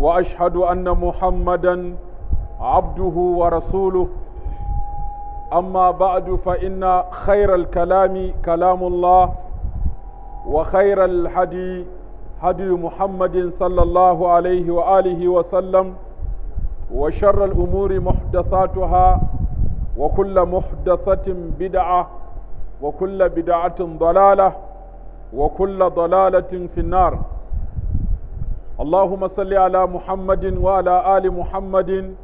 واشهد ان محمدا عبده ورسوله اما بعد فان خير الكلام كلام الله وخير الهدي هدي محمد صلى الله عليه واله وسلم وشر الامور محدثاتها وكل محدثه بدعه وكل بدعه ضلاله وكل ضلاله في النار اللهم صل على محمد وعلى آل محمد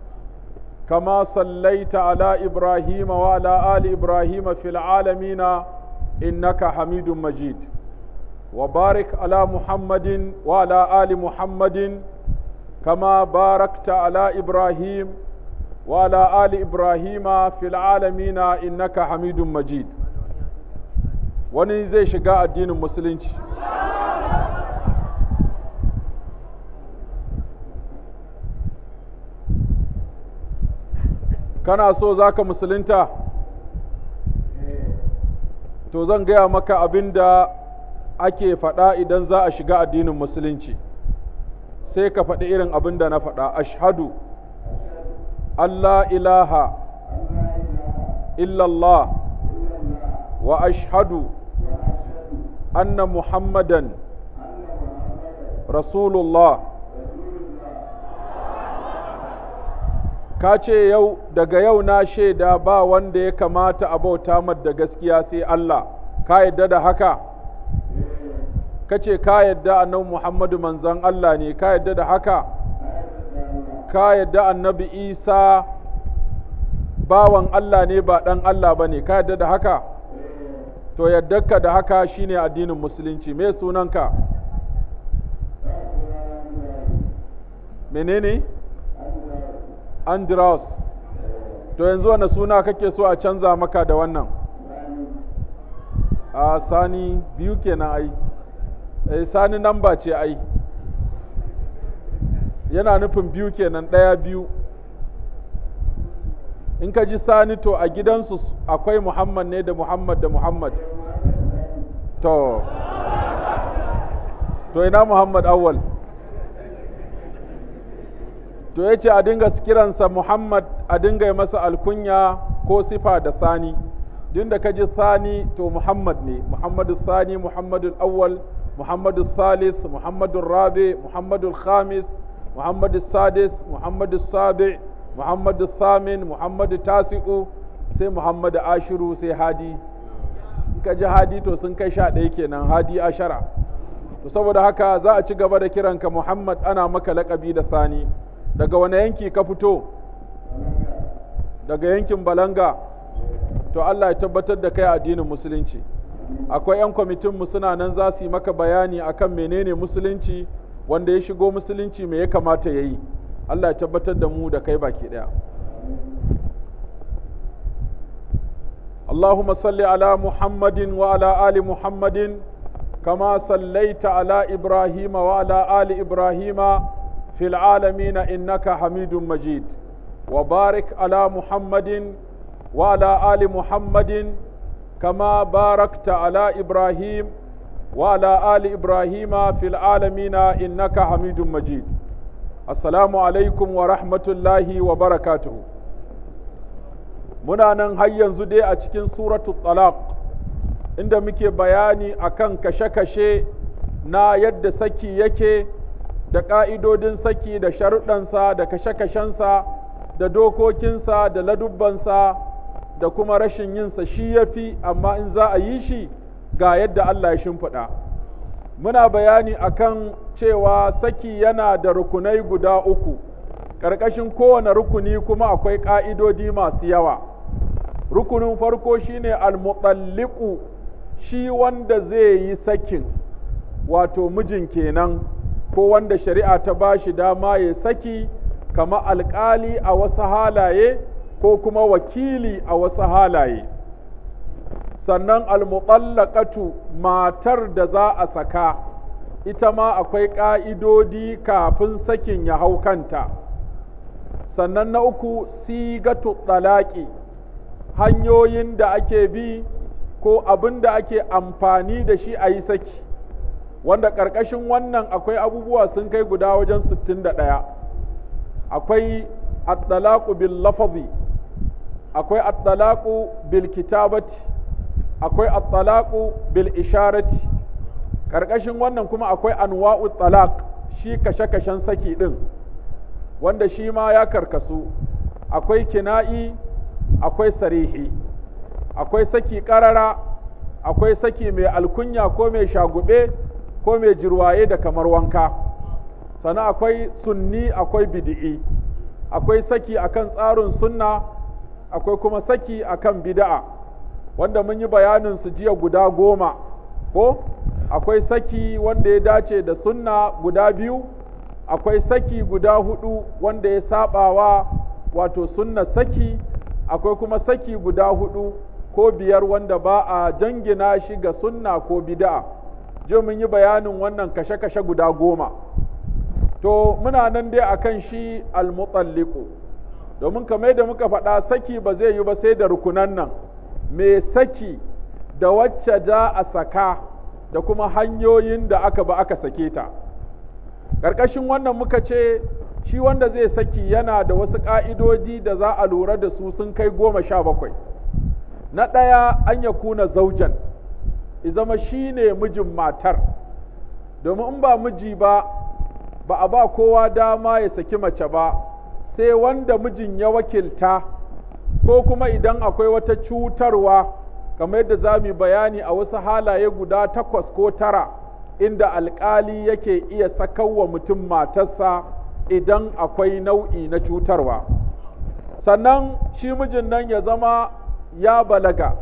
كما صليت على إبراهيم وعلى آل إبراهيم في العالمين إنك حميد مجيد وبارك على محمد وعلى آل محمد كما باركت على إبراهيم وعلى آل إبراهيم في العالمين إنك حميد مجيد ونزي شقاء الدين المسلمين kana so za ka musulunta to zan gaya maka abin da ake faɗa idan za a shiga addinin musulunci sai ka faɗi irin abin da na faɗa ashhadu Allah ilaha illallah wa ashhadu anna muhammadan rasulullah ka ce yau daga yau na shaida ba wanda ya kamata a bauta da gaskiya sai Allah ka yadda da haka ka ce ka yadda annabi Muhammadu manzon Allah ne ka yadda da haka ka yadda annabi Isa bawan Allah ne ba dan Allah ba ne ka yadda da haka to ka da haka shine addinin musulunci me sunanka menene andros to yanzu wani suna kake so a canza maka da wannan a sani biyu kenan ai eh sani namba ce ai yana nufin biyu kenan ɗaya biyu in ka ji sani to a gidansu akwai muhammad ne da muhammad da muhammad to to ina muhammad awwal to yace a dinga kiransa Muhammad a dinga yi masa alkunya ko sifa da sani din da ka sani to Muhammad ne Muhammadu sani Muhammadu awwal Muhammadu salis Muhammadu rabi Muhammadu khamis Muhammadu sadis Muhammadu sabi Muhammadu samin Muhammadu tasi'u sai Muhammadu ashiru sai hadi ka ji hadi to sun kai sha ɗaya kenan hadi ashara to saboda haka za a ci gaba da kiranka Muhammad ana maka laƙabi da sani daga wani yanki ka fito daga yankin balanga to Allah ya tabbatar da kai addinin musulunci akwai 'yan kwamitin mu suna nan za su yi maka bayani akan menene musulunci wanda ya shigo musulunci me ya kamata ya yi Allah ya tabbatar da mu da kai baki ɗaya ala Muhammadin wa ala ali Muhammadin kama sallaita ala Ibrahim wa ala Ali Ibrahim في العالمين إنك حميد مجيد وبارك على محمد وعلى آل محمد كما باركت على إبراهيم وعلى آل إبراهيم في العالمين إنك حميد مجيد السلام عليكم ورحمة الله وبركاته muna nan har yanzu dai a cikin suratul talaq inda muke bayani akan kashe-kashe na yadda saki yake da ƙa'idodin saki da sharuɗansa da kashe-kashensa da dokokinsa da ladubbansa da kuma rashin yinsa shi ya fi amma in za a yi shi ga yadda Allah ya shimfiɗa muna bayani a kan cewa saki yana da rukunai guda uku ƙarƙashin kowane rukuni kuma akwai ƙa'idodi masu yawa rukunin farko shine almuɗalliku shi wanda zai yi sakin wato mijin kenan ko wanda shari'a ta ba shi dama ya saki kama alƙali a wasu halaye ko kuma wakili a wasu halaye sannan almuɓallakatu matar da za a saka ita ma akwai ƙa'idodi kafin sakin ya hau kanta sannan na uku sigatu ɗalaƙi hanyoyin da ake bi ko abin da ake amfani da shi a yi saki wanda ƙarƙashin wannan akwai abubuwa sun kai guda wajen 61 akwai at bil lafazi akwai at bil kitabati akwai at bil isharati ƙarƙashin wannan kuma akwai anwa'u talaq shi kashe-kashen saki din wanda shi ma ya karkasu akwai kina'i akwai sarihi akwai saki ƙarara akwai saki mai alkunya ko mai shagube ko mai jirwaye da kamar wanka sannan akwai sunni akwai bidi'i akwai saki akan tsarin sunna akwai kuma saki akan bida'a wanda mun yi bayanin su jiya guda goma ko akwai saki wanda ya dace da sunna guda biyu akwai saki guda hudu wanda ya sabawa wato sunna saki akwai kuma saki guda hudu ko biyar wanda ba a jangina shi ga sunna ko bida'a je mun yi bayanin wannan kashe-kashe guda goma to muna nan dai akan shi almutsalliku domin kamar da muka faɗa saki ba zai yi ba sai da rukunan nan mai saki da wacce za a saka da kuma hanyoyin da aka ba aka sake ta ƙarƙashin wannan muka ce shi wanda zai saki yana da wasu ƙa'idoji da za a lura da su sun kai goma sha bakwai na ɗaya an ya kuna zaujan zama shi ne mijin matar domin in ba miji ba ba a ba kowa dama ya saki mace ba sai wanda mijin ya wakilta ko kuma idan akwai wata cutarwa kamar yadda za mu bayani a wasu halaye guda takwas ko tara inda alkali yake iya sakawa mutum matarsa idan akwai nau'i na cutarwa sannan shi mijin nan ya zama ya balaga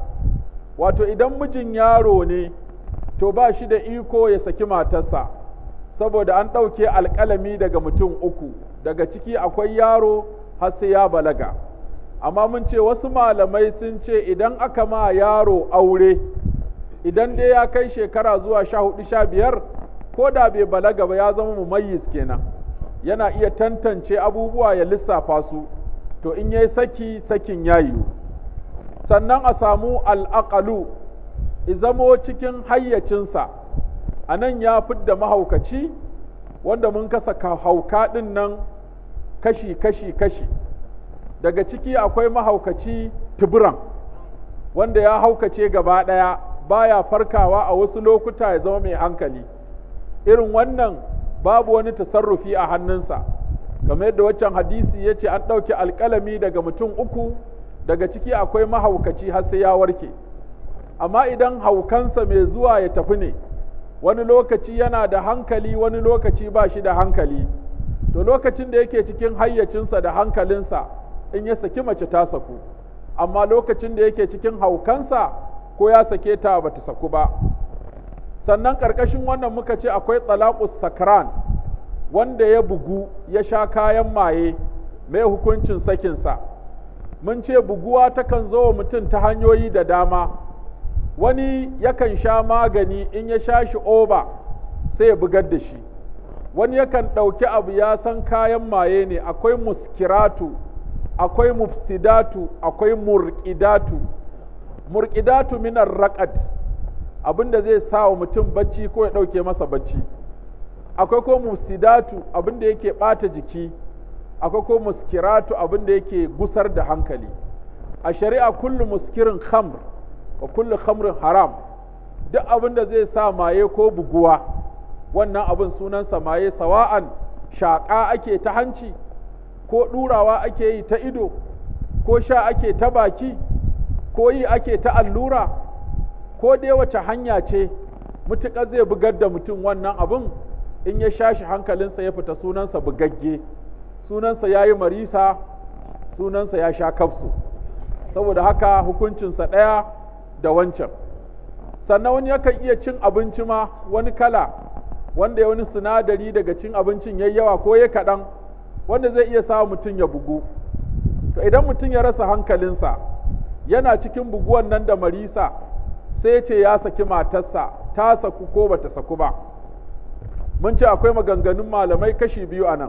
wato idan mijin yaro ne to ba shi da iko ya saki matarsa saboda an ɗauke alƙalami daga mutum uku daga ciki akwai yaro har sai ya balaga amma mun ce wasu malamai sun ce idan aka ma yaro aure idan dai ya kai shekara zuwa sha hudu sha biyar ko da bai balaga ba ya zama mumayyiz kenan yana iya tantance abubuwa ya lissafa su to in yayi saki sakin ya sannan a samu al'aƙalu izamo cikin hayyacinsa a nan ya fidda mahaukaci wanda mun kasa hauka ɗin nan kashi-kashi-kashi daga ciki akwai mahaukaci tuburan wanda ya haukace gaba ɗaya baya farkawa a wasu lokuta ya zama mai hankali irin wannan babu wani tasarrufi a hannunsa kamar yadda waccan hadisi ya ce an ɗauki alƙalami daga mutum uku daga ciki akwai mahaukaci har sai ya warke amma idan haukansa mai zuwa ya tafi ne wani lokaci yana da hankali wani lokaci ba shi da hankali to lokacin da yake cikin hayyacinsa da hankalinsa in ya saki mace ta saku amma lokacin da yake cikin haukansa ko ya sake ta ba ta saku ba sannan ƙarƙashin wannan muka ce akwai talaƙus sakran wanda ya bugu ya sha kayan maye mai hukuncin sakinsa mun ce buguwa takan zo wa mutum ta hanyoyi da dama wani yakan sha magani in ya sha shi oba sai ya bugar da shi wani yakan ɗauki abu ya san kayan maye ne akwai muskiratu akwai mufsidatu akwai murƙidatu murƙidatu minar raƙad da zai sa wa mutum bacci ko ya ɗauke masa bacci akwai ko mufsidatu da yake ɓata jiki akwai ko muskiratu abin da yake gusar da hankali a shari'a kullu muskirin khamr wa kullu khamrin haram duk abin da zai sa maye ko buguwa wannan abin sunansa maye sawa'an shaƙa ake ta hanci ko ɗurawa ake yi ta ido ko sha ake ta baki ko yi ake ta allura ko dai wace hanya ce mutuƙar zai bugar da mutum wannan abin in ya sha shi hankalinsa ya fita sunansa bugagge sunansa ya yi marisa sunansa ya sha kafsu saboda haka hukuncinsa ɗaya da wancan sannan wani yakan iya cin abinci ma wani kala wanda ya wani sinadari daga cin abincin ya yawa ko ya kaɗan wanda zai iya sa mutum ya bugu to idan mutum ya rasa hankalinsa yana cikin buguwan nan da marisa sai ce ya saki matarsa ta saku ko bata saku ba mun ce akwai maganganun malamai kashi biyu a nan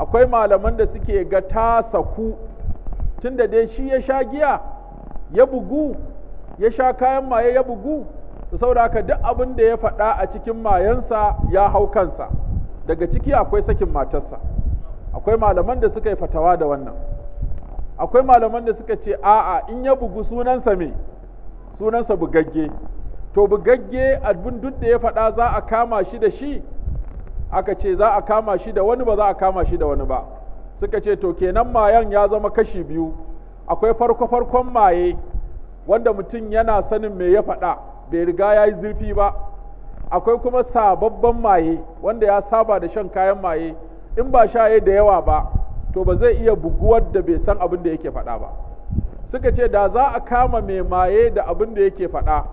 akwai malaman da suke ga ta saku da dai shi ya sha giya ya bugu ya sha kayan maye ya bugu da sauraka haka duk abin da ya faɗa a cikin mayansa ya hau kansa daga ciki akwai sakin matarsa akwai malaman da suka yi fatawa da wannan akwai malaman da suka ce a'a in ya bugu sunansa me sunansa bugagge to bugagge abin duk da ya faɗa za a kama shi da shi aka ce za a kama shi da wani ba za a kama shi da wani ba suka ce to kenan mayan ya zama kashi biyu akwai farko farkon maye wanda mutum yana sanin me ya faɗa bai riga ya yi zurfi ba akwai kuma sababban maye wanda ya saba da shan kayan maye in ba sha shaye da yawa ba to ba zai iya buguwar da bai san abin da yake faɗa ba suka ce da za a kama mai maye da abin da yake faɗa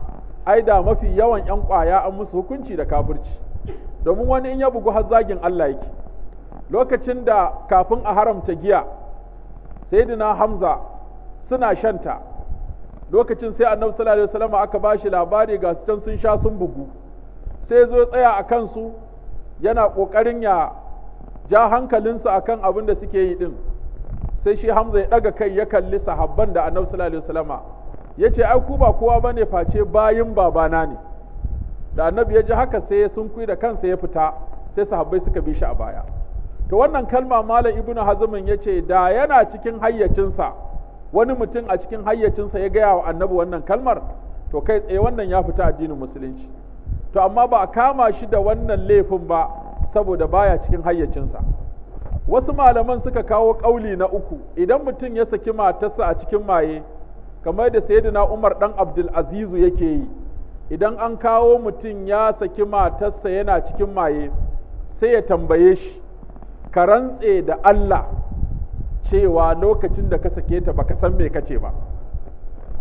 ai da mafi yawan 'yan ƙwaya an musu hukunci da kafirci domin wani in ya bugu har zagin Allah yake lokacin da kafin a haramta giya sayyidina Hamza suna shanta lokacin sai annabi sallallahu alaihi wasallam aka bashi labari ga su can sun sha sun bugu sai zo tsaya a kansu yana kokarin ya ja hankalinsu akan abin da suke yi din sai shi Hamza ya daga kai ya kalli sahabban da annabi sallallahu alaihi ya yace ai ku ba kowa bane face bayin babana ne da annabi ya ji haka sai ya sunkui da kansa ya fita sai sahabbai suka bi shi a baya to wannan kalma malam ibnu ya ce da yana cikin hayyacinsa wani mutum a cikin hayyacinsa ya gaya wa annabi wannan kalmar to kai tsaye wannan ya fita addinin musulunci to amma ba a kama shi da wannan laifin ba saboda baya cikin hayyacinsa wasu malaman suka kawo ƙauli na uku idan mutum ya saki matarsa a cikin maye kamar da sayyidina Umar dan Abdul Azizu yake yi idan an kawo mutum ya saki matarsa yana cikin maye sai ya tambaye shi ka rantse da Allah cewa lokacin da ka sake ta baka san me kace ba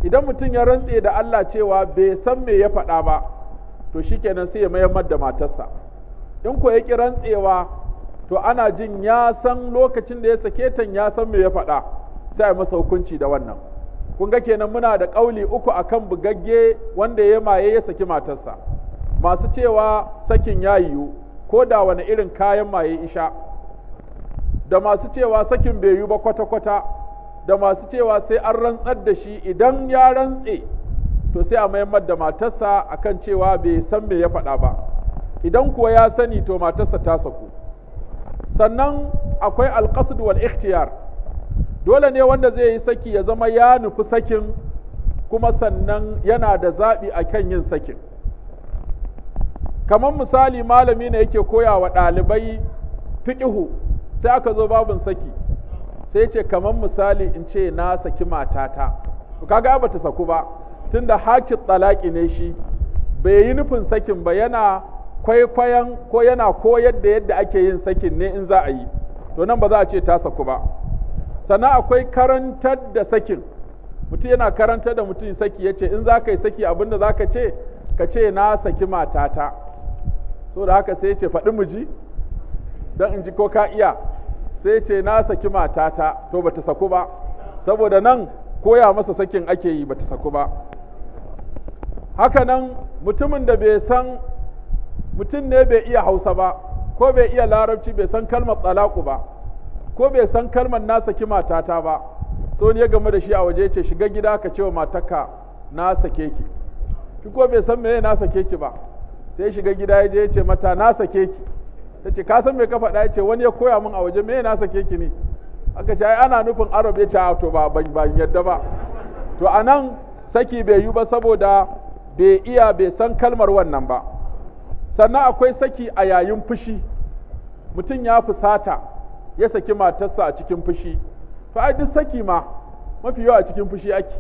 idan mutum ya rantse da Allah cewa bai san me ya faɗa ba to shikenan sai ya mayar da matarsa in ko ya ki rantsewa to ana jin ya san lokacin da ya sake ta ya san me ya faɗa sai masa hukunci da wannan kun ga kenan muna da ƙauli uku akan bugagge wanda ya maye ya saki matarsa masu cewa sakin ya yiwu ko da wani irin kayan maye isha da masu cewa sakin bai yiwu ba kwata-kwata da masu cewa sai an rantsar da shi idan ya rantse to sai a mayammar da matarsa akan cewa bai san me ya faɗa ba idan kuwa ya sani to matarsa ta saku sannan akwai alƙasud wal ikhtiyar dole ne wanda zai yi saki ya zama ya nufi sakin kuma sannan yana da zaɓi a kan yin sakin kamar misali malami ne yake koya wa ɗalibai fiƙihu sai aka zo babin saki sai ce kamar misali in ce na saki matata kaga ba ta saku ba tun da hakin ɗalaƙi ne shi bai yi nufin sakin ba yana kwaikwayon ko yana koyar da yadda ake yin sakin ne in za a yi to nan ba za a ce ta saku ba sannan akwai karantar da sakin mutum yana karantar da mutum saki ya ce in za ka yi saki abin da za ka ce ka ce na saki matata so da haka sai ce faɗi miji don in ji ko ka iya sai ce na saki matata to ba ta saku ba saboda nan koya masa sakin ake yi ba ta saku ba haka nan mutumin da bai san mutum ne bai iya hausa ba ko bai iya larabci bai san kalmar tsalaku ba ko bai san kalmar na saki matata ba so ne ya game da shi a waje ce shiga gida ka ce wa mataka na sake ki shi ko bai san meye na sake ki ba sai shiga gida ya je ya ce mata na sake ki ta ce ka san me ka faɗa ya ce wani ya koya min a waje meye na sake ki ne aka ce ai ana nufin arab ya ce to ba ban yadda ba to anan saki bai yi ba saboda bai iya bai san kalmar wannan ba sannan akwai saki a yayin fushi mutum ya fusata ya saki matarsa a cikin fushi fa ai duk saki ma mafi yawa a cikin fushi ake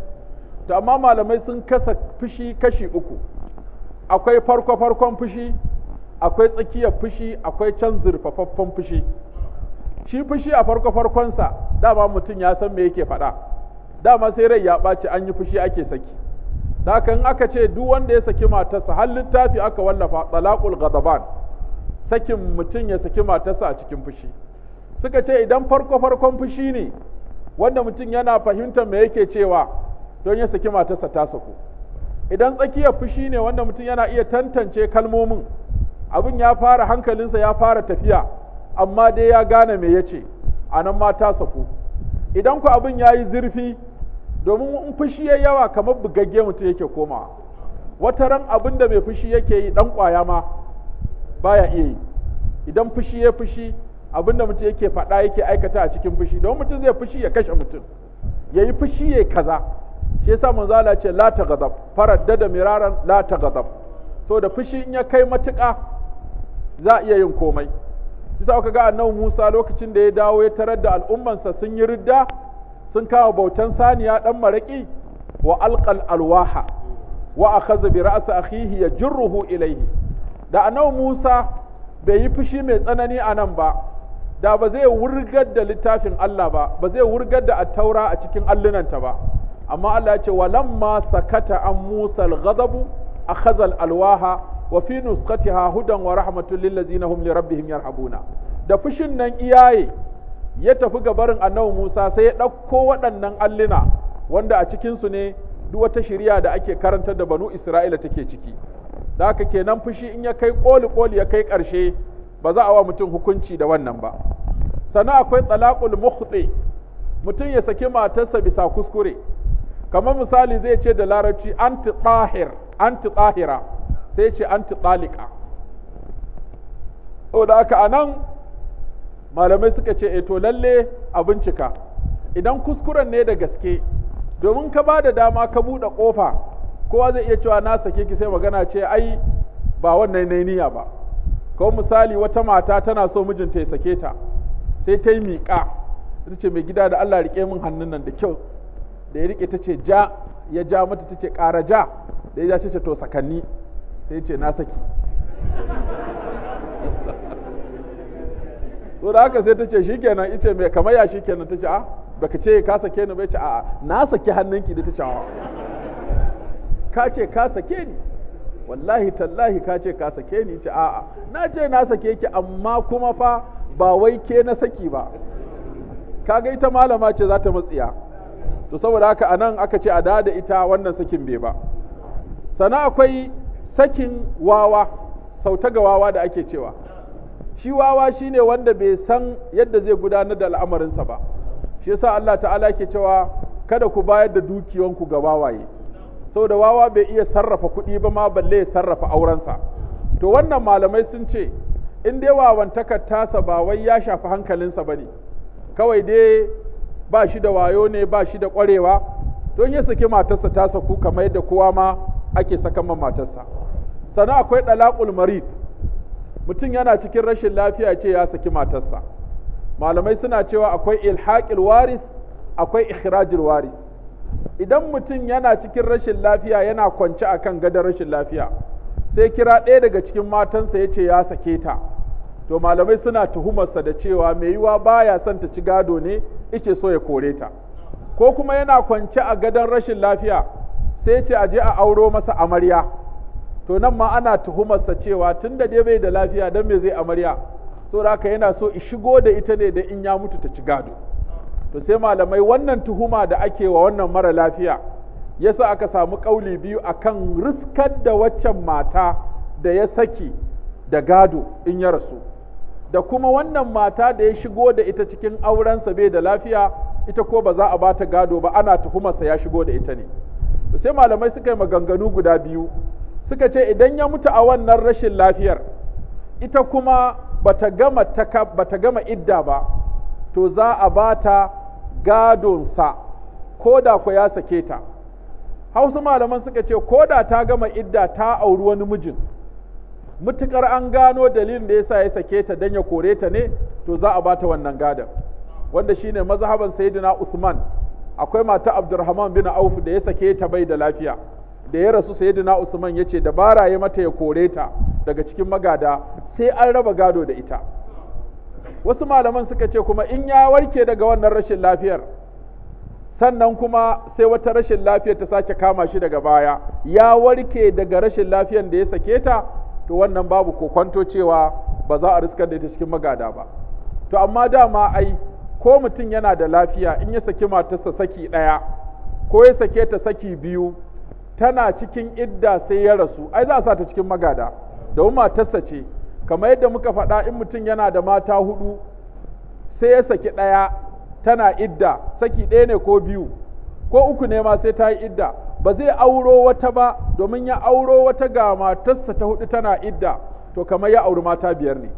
to amma malamai sun kasa fushi kashi uku akwai farko farkon fushi akwai tsakiyar fushi akwai can zurfafaffen fushi shi fushi a farko farkonsa dama mutum ya san me yake faɗa dama sai rai ya ɓaci an yi fushi ake saki da in aka ce duk wanda ya saki matarsa har littafi aka wallafa talaqul ghadaban sakin mutum ya saki matarsa a cikin fushi suka ce idan farko farkon fushi ne wanda mutum yana fahimtar me yake cewa don ya saki matarsa ta saku idan tsakiyar fushi ne wanda mutum yana iya tantance kalmomin abin ya fara hankalinsa ya fara tafiya amma dai ya gane me yace a nan ma ta saku idan ku abin ya yi zurfi domin in fushi ya yawa kamar bugagge mutum yake komawa wata ran abin da mai fushi yake yi dan kwaya ma baya iya yi idan fushi ya fushi abinda mutum yake faɗa yake aikata a cikin fushi don mutum zai fushi ya kashe mutum ya yi fushi ya kaza shi yasa manzo Allah ce la taghdab faraddada miraran la taghdab to da fushi in ya kai matuƙa za a iya yin komai yasa aka ga annabi Musa lokacin da ya dawo ya tarar da al'ummansa sun yi ridda sun kawo bautan saniya dan maraki wa alqal alwaha wa akhadha bi ra'si akhihi yajruhu ilayhi da annabi Musa bai yi fushi mai tsanani anan ba da ba zai wurgar da littafin Allah ba ba zai wurgar da attaura a cikin allunanta ba amma Allah ya ce walamma sakata an Musa al-ghadabu akhadha al-alwaha wa fi nusqatiha hudan wa rahmatul lil ladzina hum li rabbihim yarhabuna da fushin nan iyaye ya tafi gabarin barin annabi Musa sai ya dauko waɗannan alluna wanda a cikin su ne duk wata shari'a da ake karantar da banu Isra'ila take ciki da haka kenan fushi in ya kai koli koli ya kai ƙarshe ba za a wa mutum hukunci da wannan ba sana akwai talaqul mukhti mutum ya saki matarsa bisa kuskure kamar misali zai ce da larabci anti tahir anti tahira sai ce anti talika da haka anan malamai suka ce e to lalle a bincika idan kuskuren ne da gaske domin ka ba da dama ka buɗe ƙofa kowa zai iya cewa na sake ki sai magana ce ai ba wannan ne niyya ba ko misali wata mata tana so mijinta ya sake ta sai ta yi miƙa ta ce mai gida da Allah rike min hannun nan da kyau da ya rike ta ce ja ya ja mata ta ce ƙara ja da ya ta ce to sakanni sai ce na saki so da haka sai ta ce shikenan ita mai kamar ya shikenan ta ce a ah, baka ce ka sake ni bai ce a na saki hannunki da ta ce ka ce ka sake ni wallahi tallahi ka ce ka sake ni ce a'a na ce na sake ki amma kuma fa ba wai ke na saki ba Ka ga ita malama ce za ta matsiya to saboda haka anan aka ce a da da ita wannan sakin bai ba sana akwai sakin wawa sauta ga wawa da ake cewa shi wawa shine wanda bai san yadda zai gudanar da al'amarinsa ba shi yasa Allah ta'ala ke cewa kada ku bayar da dukiyanku ga wawaye da wawa bai iya sarrafa kuɗi ba ma balle ya sarrafa aurensa to wannan malamai sun ce in dai wawantakar tasa ba wai ya shafi hankalinsa ba ne kawai dai ba shi da wayo ne ba shi da ƙwarewa don ya saki matarsa ta saku kamar yadda kowa ma ake sakan ma matarsa sannan akwai ɗalaƙul marid mutum yana cikin rashin lafiya ce ya saki matarsa malamai suna cewa akwai ilhaƙil waris akwai ikhrajil waris idan mutum yana cikin rashin lafiya yana kwance akan gadon rashin lafiya sai kira ɗaya daga cikin matansa ya ce ya sake ta to malamai suna tuhumarsa da cewa mai yiwa baya son ta ci gado ne ice so ya kore ta ko kuma yana kwance a gadon rashin lafiya sai ce aje a auro masa amarya to nan ma ana tuhumarsa cewa tun da dai bai da lafiya don me zai amarya saboda haka yana so shigo da ita ne da in ya mutu ta ci gado to sai malamai wannan tuhuma da ake wa wannan mara lafiya yasa aka samu kauli biyu akan riskar da waccan mata da ya saki da gado in ya rasu da kuma wannan mata da ya shigo da ita cikin aurensa bai da lafiya ita ko ba za a bata gado ba ana tuhumarsa ya shigo da ita ne sai malamai suka yi maganganu guda biyu suka ce idan ya mutu a wannan rashin lafiyar ita kuma bata gama bata gama idda ba to za a bata gadonsa ko da ku ya sake ta hausa malaman suka ce ko da ta gama idda ta auri wani mijin mutukar an gano dalilin da yasa ya sake ta dan ya kore ta ne to za a bata wannan gadon wanda shine mazhaban sayyidina Usman akwai mata Abdurrahman bin Auf da ya sake ta bai da lafiya da ya rasu sayyidina Usman yace dabara ya mata ya kore ta daga cikin magada sai an raba gado da ita wasu malaman suka ce kuma in ya warke daga wannan rashin lafiyar sannan kuma sai wata rashin lafiyar ta sake kama shi daga baya ya warke daga rashin lafiyar da ya sake ta to wannan babu ko kwanto cewa ba za a riskar da ita cikin magada ba to amma dama ai ko mutum yana da lafiya in ya saki matarsa saki ɗaya ko ya sake ta saki biyu tana cikin idda sai ya rasu ai za a sa ta cikin magada domin matarsa ce kamar yadda muka faɗa in mutum yana da mata hudu sai ya saki ɗaya tana idda saki ɗaya ne ko biyu ko uku ne ma sai ta yi idda ba zai auro wata ba domin ya auro wata ga matarsa ta hudu tana idda to kamar ya auri mata biyar ne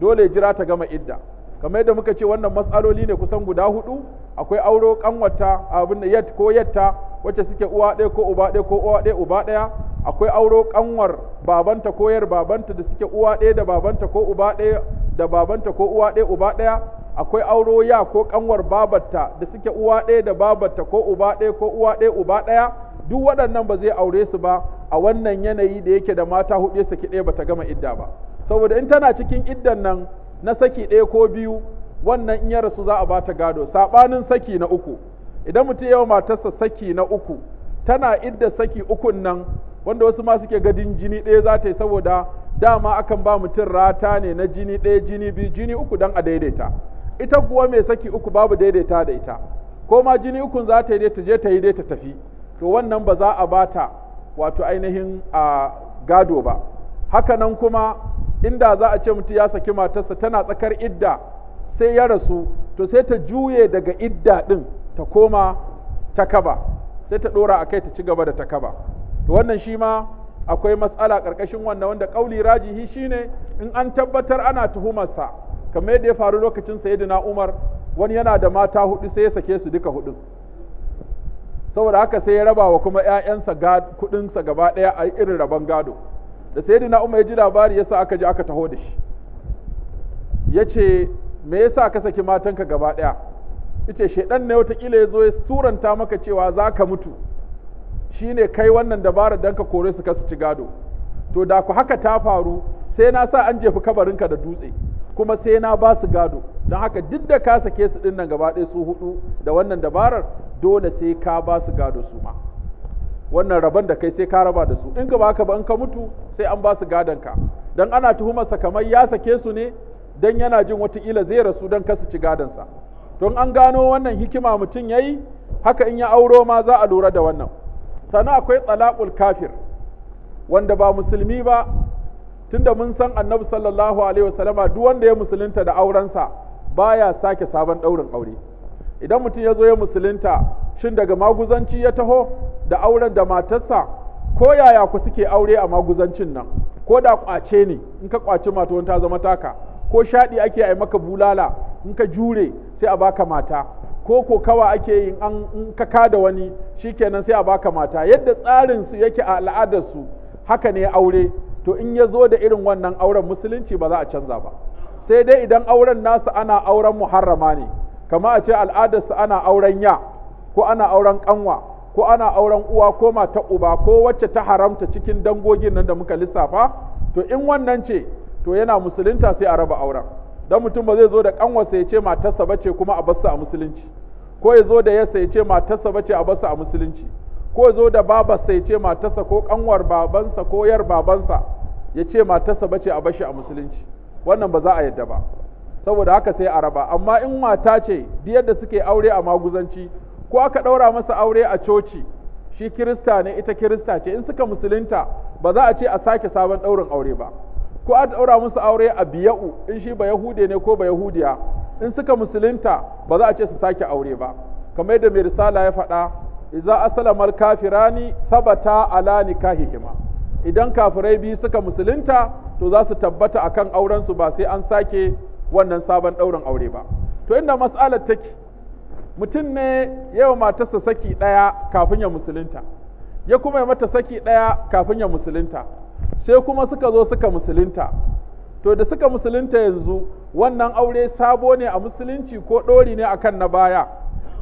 dole jira ta gama idda kamar yadda muka ce wannan matsaloli ne kusan guda hudu akwai auro kanwata abin da yat ko yatta wacce suke uwa ɗaya ko uba ɗaya ko uwa ɗaya uba ɗaya akwai auro kanwar babanta ko yar babanta da suke uwa ɗaya da babanta ko uba ɗaya da babanta ko uwa ɗaya uba ɗaya akwai auro ya ko kanwar babarta da suke uwa ɗaya da babarta ko uba ɗaya ko uwa ɗaya uba ɗaya duk waɗannan ba zai aure su ba a wannan yanayi da yake da mata hudu ya saki ɗaya bata gama idda ba saboda in tana cikin iddan nan na saki ɗaya ko biyu wannan in ya rasu za a bata gado saɓanin saki na uku idan mutum yawa matarsa saki na uku tana idda saki ukun nan wanda wasu ma suke gadin jini ɗaya za ta yi saboda dama akan ba mutum rata ne na jini ɗaya jini biyu jini uku dan a daidaita ita kuwa mai saki uku babu daidaita da ita ko ma jini ukun za ta yi ta je ta yi dai ta tafi to wannan ba za a bata wato ainihin a gado ba haka nan kuma inda za a ce mutum ya saki matarsa tana tsakar idda sai ya rasu to sai ta juye daga idda din ta koma ta kaba sai ta ɗora a kai ta ci gaba da ta kaba to wannan shi ma akwai matsala ƙarƙashin wannan wanda ƙauli rajihi shine in an tabbatar ana tuhumarsa kamar yadda ya faru lokacin sayyidina Umar wani yana da mata hudu sai ya sake su duka hudun saboda haka sai ya raba wa kuma ‘ya'yansa kuɗinsa gaba ɗaya a irin rabon gado da sayyidina umar ya ji labari yasa aka ji aka taho da shi yace me yasa ka saki matanka gaba daya yace shedan ne watakila ya zo ya suranta maka cewa za ka mutu shine kai wannan dabarar dan ka kore su ka su ci gado to da ku haka ta faru sai na sa an jefi kabarinka da dutse kuma sai na ba su gado don haka duk da ka sake su dinnan gaba ɗaya su hudu da wannan dabarar dole sai ka ba su gado su ma wannan rabon da kai sai ka raba da su in ka baka ba in ka mutu sai an ba su gadon ka dan ana tuhumarsa kamar ya sake su ne dan yana jin watakila zai rasu dan kasu ci gadon sa don an gano wannan hikima mutum ya yi haka in ya auro ma za a lura da wannan sana akwai talaqul kafir wanda ba musulmi ba tunda mun san annabi sallallahu alaihi wasallama duk wanda ya musulunta da aurensa baya sake sabon daurin aure idan mutum ya zo ya musulunta shin daga maguzanci ya taho da auren da matarsa ko yaya ku suke aure a maguzancin nan ko da kwace ne in ka kwaci mata ta zama taka ko shaɗi ake yi maka bulala in ka jure sai a baka mata ko ko ake yi in ka kada wani shikenan sai a baka mata yadda tsarin su yake a al'adar su haka ne aure to in ya zo da irin wannan auren musulunci ba za a canza ba sai dai idan auren nasu ana auren muharrama ne kama a ce al'adarsa ana auren ya ko ana auren kanwa ko ana auren uwa ko mata uba ko wacce ta haramta cikin dangogin nan da muka lissafa to in wannan ce to yana musulunta sai a raba auren dan mutum ba zai zo da kanwarsa ya ce matarsa bace kuma a basu a musulunci ko ya zo da yasa ya ce matarsa bace a basu a musulunci ko ya zo da babarsa ya ce matarsa ko kanwar babansa ko yar babansa ya ce matarsa bace a bashi a musulunci wannan ba za a yadda ba saboda haka sai a raba amma in mata ce duk da suke aure a maguzanci ko aka ɗaura masa aure a coci shi kirista ne ita kirista ce in suka musulunta ba za a ce a sake sabon ɗaurin aure ba ko a ɗaura musu aure a biya'u in shi ba yahude ne ko ba yahudiya in suka musulunta ba za a ce su sake aure ba kamar yadda mai risala ya faɗa idza aslama alkafirani sabata ala nikahihima idan kafirai biyu suka musulunta to za su tabbata akan auren su ba sai an sake wannan sabon ɗaurin aure ba to inda matsalar take mutum ne yawa matarsa saki ɗaya kafin ya musulunta ya kuma yi mata saki ɗaya kafin ya musulunta sai kuma suka zo suka musulunta to da suka musulunta yanzu wannan aure sabo ne a musulunci ko ɗori ne akan na baya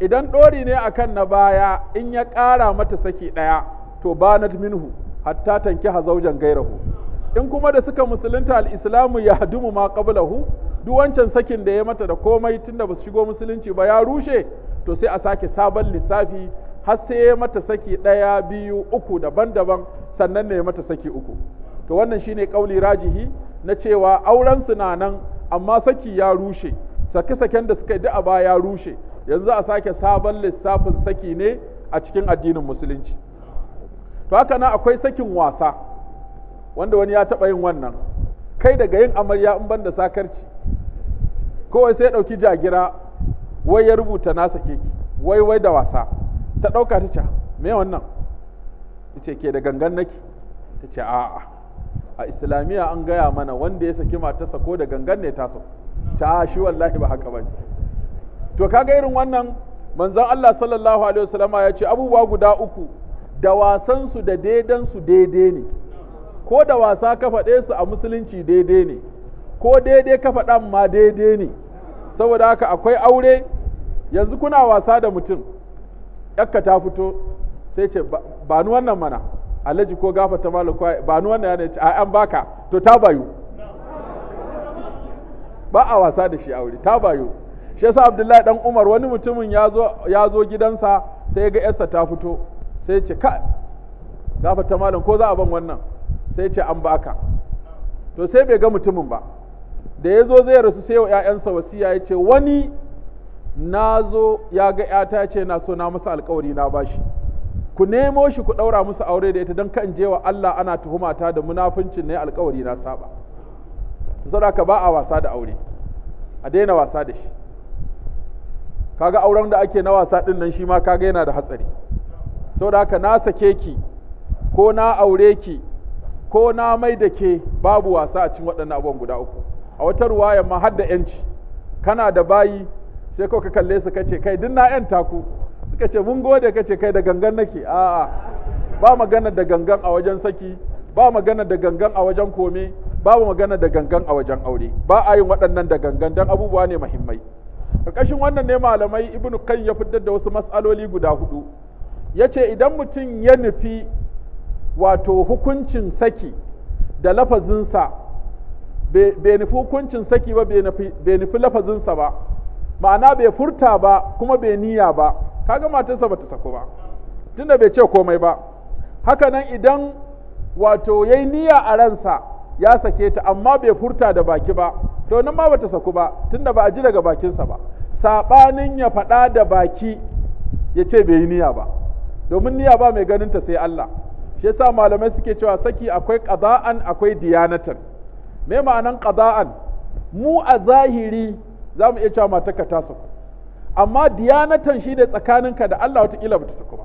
idan ɗori ne akan na baya in ya ƙara mata saki ɗaya to banat minhu hatta tanki zaujan gairahu in kuma da suka musulunta al'islamu ya hadumu ma qablahu duk wancan sakin da ya mata da komai tunda ba su shigo musulunci ba ya rushe to sai a sake sabon lissafi har sai ya mata saki ɗaya biyu uku daban-daban sannan ne ya mata saki uku to wannan shine ƙauli rajihi na cewa auren su na nan amma saki ya rushe sake-saken da suka yi a baya ya rushe yanzu a sake sabon lissafin saki ne a cikin addinin musulunci to haka nan akwai sakin wasa wanda wani ya taɓa yin wannan kai daga yin amarya in ban da sakarci kowai sai ya ɗauki jagira wai ya rubuta nasa ke wai wai da wasa ta ɗauka ta ce me wannan ta ce ke da gangan nake ta ce a'a a islamiyya an gaya mana wanda ya saki matarsa ko da gangan ne ta so ta shi wallahi ba haka bane to kaga irin wannan manzon Allah sallallahu alaihi wasallama ya ce abubuwa guda uku da wasansu da su daidai ne ko da wasa ka faɗe su a musulunci daidai ne ko daidai ka faɗan ma daidai ne saboda haka akwai aure yanzu kuna wasa da mutum yakka ta fito sai ce ba ni wannan mana alhaji ko ta malam kwa ba ni wannan yana ce an baka to ta bayu ba a wasa da shi aure ta bayu shi yasa abdullahi dan umar wani mutumin ya zo gidansa sai ga yarsa ta fito sai ce ka ta malam ko za a ban wannan sai ce an baka to sai bai ga mutumin ba da ya zo zai rasu sai wa 'ya'yansa wasiya ya ce wani na zo ya ga 'yata ce na so na masa alkawari na bashi ku nemo shi ku ɗaura musu aure da ita don kan je wa Allah ana tuhumata da munafuncin ne alkawari na saba saboda ka ba a wasa da aure a daina wasa da shi kaga auren da ake na wasa din nan shi ma kaga yana da hatsari saboda haka na sake ki ko na aure ki ko na mai da ke babu wasa a cikin waɗannan abubuwan guda uku a wata ruwaya ma har da yanci kana da bayi sai ko ka kalle su kace kai duk na yanta taku suka ce mun gode kace kai da gangan nake a'a ba magana da gangan a wajen saki ba magana da gangan a wajen kome ba magana da gangan a wajen aure ba a yin waɗannan da gangan dan abubuwa ne muhimmai ƙarƙashin wannan ne malamai ibnu kan ya fitar da wasu mas'aloli guda hudu yace idan mutum ya nufi wato hukuncin saki da lafazinsa bai nufi hukuncin saki ba bai nufi lafazinsa ba ma'ana bai furta ba kuma bai niyya ba kaga matarsa bata sako ba tunda bai ce komai ba haka nan idan wato yayi niyya a ransa ya sake ta amma bai furta da baki ba to nan ma bata saku ba tunda ba a ji daga bakinsa ba Saɓanin ya faɗa da baki ya ce bai yi niyya ba domin niyya ba mai ganinta sai Allah shi yasa malamai suke cewa saki akwai qada'an akwai diyanatan me ma'anan qada'an mu a zahiri za iya cewa matarka ta saku amma diyanatan shi ne ka da Allah wata ba ta saku ba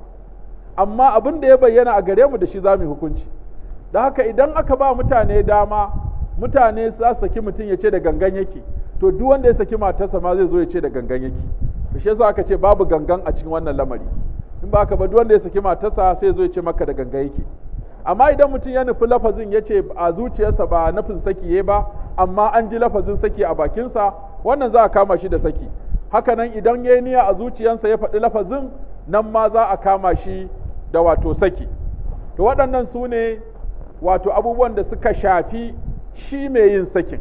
amma abin da ya bayyana a gare mu da shi za mu hukunci da haka idan aka ba mutane dama mutane za su saki mutum ya ce da gangan yake to duk wanda ya saki matarsa ma zai zo ya ce da gangan yake shi yasa aka ce babu gangan a cikin wannan lamari in ba ka wanda ya saki matarsa sai zo ce maka da ganga yake amma idan mutum ya nufi lafazin ya ce a zuciyarsa ba nufin saki ya ba amma an ji lafazin saki a bakinsa wannan za a kama shi da saki hakanan idan ya yi niyya a zuciyarsa ya faɗi lafazin nan ma za a kama shi da wato saki to waɗannan su ne wato abubuwan da suka shafi shi mai yin sakin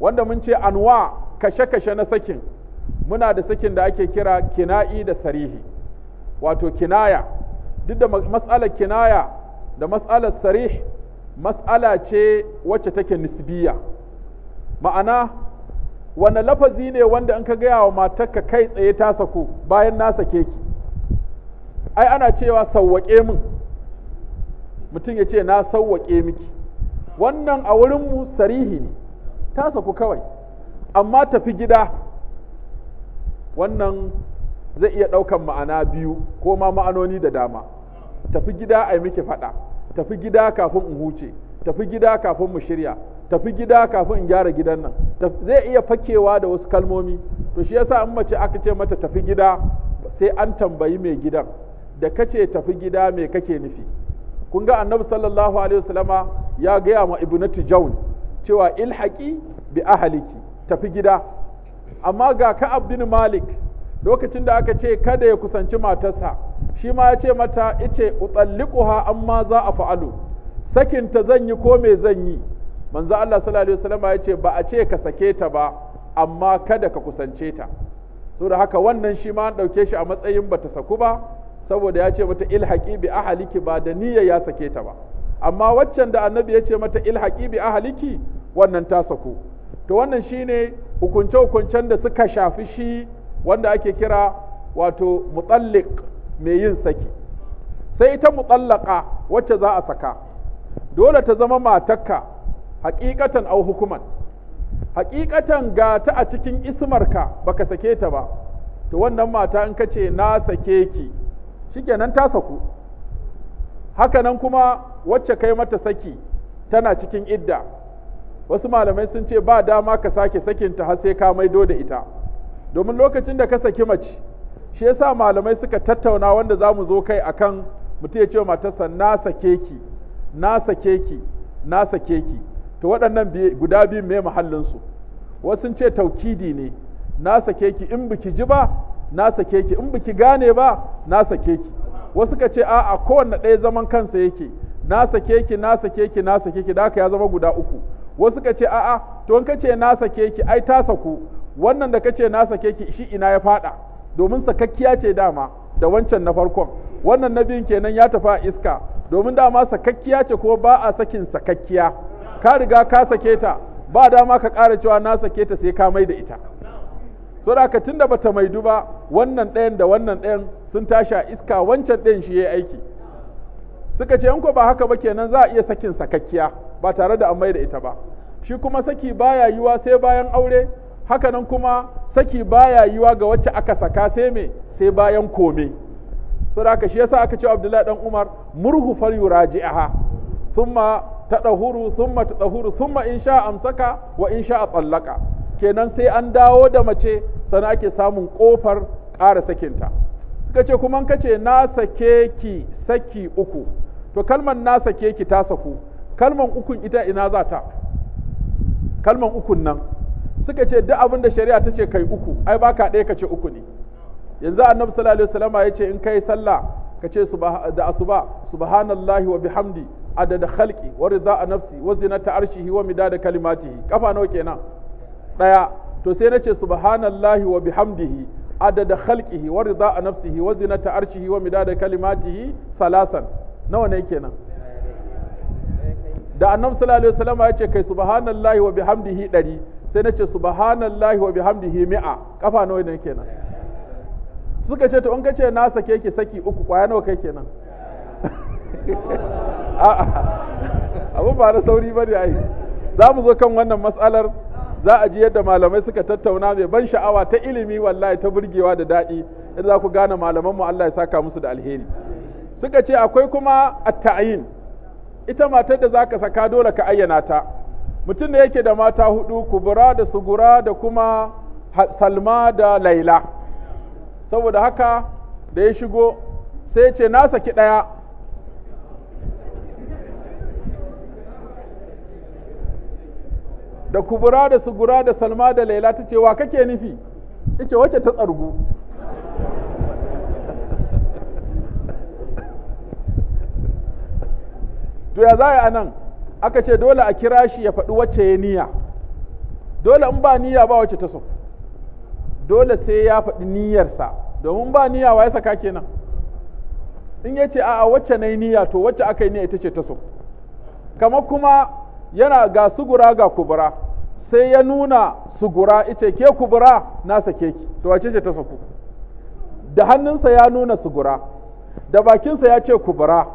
wanda mun ce anwa kashe-kashe na sakin muna da sakin da ake kira kina'i da sarihi wato kinaya duk da matsalar kinaya da matsalar sarih mas'ala ce wacce take nisbiya ma'ana wani lafazi ne wanda in ka gaya wa ka kai tsaye ta saku bayan na sake ki ai ana cewa sauwaƙe min mutum ya ce na sawwaƙe miki wannan a wurinmu sarihi ne ta saku kawai amma tafi gida wannan zai iya ɗaukan ma'ana biyu ko ma ma'anoni da dama tafi gida a yi miki faɗa tafi gida kafin in huce tafi gida kafin mu shirya tafi gida kafin in gyara gidan nan zai iya fakewa da wasu kalmomi to shi yasa in mace aka ce mata tafi gida sai an tambayi mai gidan da kace tafi gida me kake nufi kun ga annabi sallallahu alaihi wasallama ya gaya ma ibnatu jaun cewa ilhaqi bi ahliki tafi gida amma ga ka Abdin malik lokacin da aka ce kada ya kusanci matarsa shi ma ya ce mata ice utsalliquha amma za a fa'alu sakin ta zan yi ko me zan yi manzo Allah sallallahu alaihi wasallam ya ce ba a ce ka sake ta ba amma kada ka kusance ta to da haka wannan shi ma an dauke shi a matsayin bata saku ba saboda ya ce mata ilhaqi bi ahliki ba da niyya ya sake ta ba amma waccan da annabi ya ce mata ilhaqi bi ahliki wannan ta saku to wannan shine hukunce-hukuncen da suka shafi shi wanda ake kira wato mutallik mai yin saki sai ita mutallaka wacce za a saka dole ta zama matakka hakikatan au hukuman hakikatan ga ta a cikin ismarka baka sake ta ba to wannan mata in ka ce na sake ki shikenan ta saku hakanan kuma wacce kai mata saki tana cikin idda wasu malamai sun ce ba dama ka sake sakinta har sai ka maido da ita domin lokacin da ka saki mace shi yasa malamai suka tattauna wanda za mu zo kai akan mutum ya ce matarsa na sake ki na sake ki na sake ki to waɗannan guda biyu me muhallin su wasu ce taukidi ne na sake ki in biki ji ba na sake ki in biki gane ba na sake ki wasu ka ce a'a kowanne ɗaya zaman kansa yake na sake ki na sake ki na sake ki da ya zama guda uku wasu ka ce a'a to in ka ce na sake ki ai ta saku wannan da kace na sake ki shi ina ya fada domin sakakkiya ce dama da wancan na farkon wannan na biyun kenan ya tafi a iska domin dama sakakkiya ce ko ba a sakin sakakkiya ka riga ka sake ta ba dama ka ƙara cewa na sake ta sai ka mai da ita saboda da tunda bata maidu ba wannan ɗayan da wannan ɗayan sun tashi a iska wancan ɗayan shi yayi aiki suka ce in ko ba haka ba kenan za a iya sakin sakakkiya ba tare da an mai da ita ba shi kuma saki baya yiwa sai bayan aure haka nan kuma saki baya yiwa ga wacce aka saka sai me sai bayan kome saboda haka shi yasa aka ce Abdullahi dan Umar murhu falyuraji'aha thumma tadahuru thumma tadahuru thumma in sha amsaka wa in sha tsallaka kenan sai an dawo da mace sana ake samun kofar ƙara sakinta suka ce kuma an kace na sake ki saki uku to kalman na sake ki ta saku kalman ukun ita ina za ta kalman ukun nan suka ce duk abin da shari'a ta ce kai uku ai baka ɗaya ka ce uku ne yanzu annabi sallallahu alaihi wasallam ya ce in kai sallah ka ce da asuba subhanallahi wa bihamdi adada khalqi wa rida nafsi wa zinata arshihi wa midada kalimatihi kafa nawa kenan daya to sai nace subhanallahi wa bihamdihi adada khalqihi wa rida nafsihi wa zinata arshihi wa midada kalimatihi salasan nawa ne kenan da annabi sallallahu alaihi wasallam ya ce kai subhanallahi wa bihamdihi 100 sai na ce subhanallahi wa bihamdihi mi'a kafa nawa ne kenan suka ce to in kace na sake ki saki uku kwaya nawa kai kenan abu ba na sauri ba ne ai za mu zo kan wannan matsalar za a ji yadda malamai suka tattauna mai ban sha'awa ta ilimi wallahi ta burgewa da daɗi yadda za ku gane malaman mu Allah ya saka musu da alheri suka ce akwai kuma at-ta'yin ita matar da zaka saka dole ka ayyana ta mutum da yake da mata hudu kubura da sugura da kuma salma da laila saboda haka da ya shigo sai ce na saki ɗaya da kubura da sugura da salma da laila ta ce wa kake nufi ita wace ta tsargu to ya za a nan aka ce dole a kira shi ya faɗi wacce ya niyya dole in ba niyya ba wacce ta so dole sai ya faɗi niyyarsa domin ba niyya wa ya saka kenan in ya ce a'a wacce na yi niyya to wacce aka yi niyya ita ce ta so kama kuma yana ga sugura ga kubura sai ya nuna sugura ita ke kubura na sake ki to wace ce ta saku da hannunsa ya nuna sugura da bakinsa ya ce kubura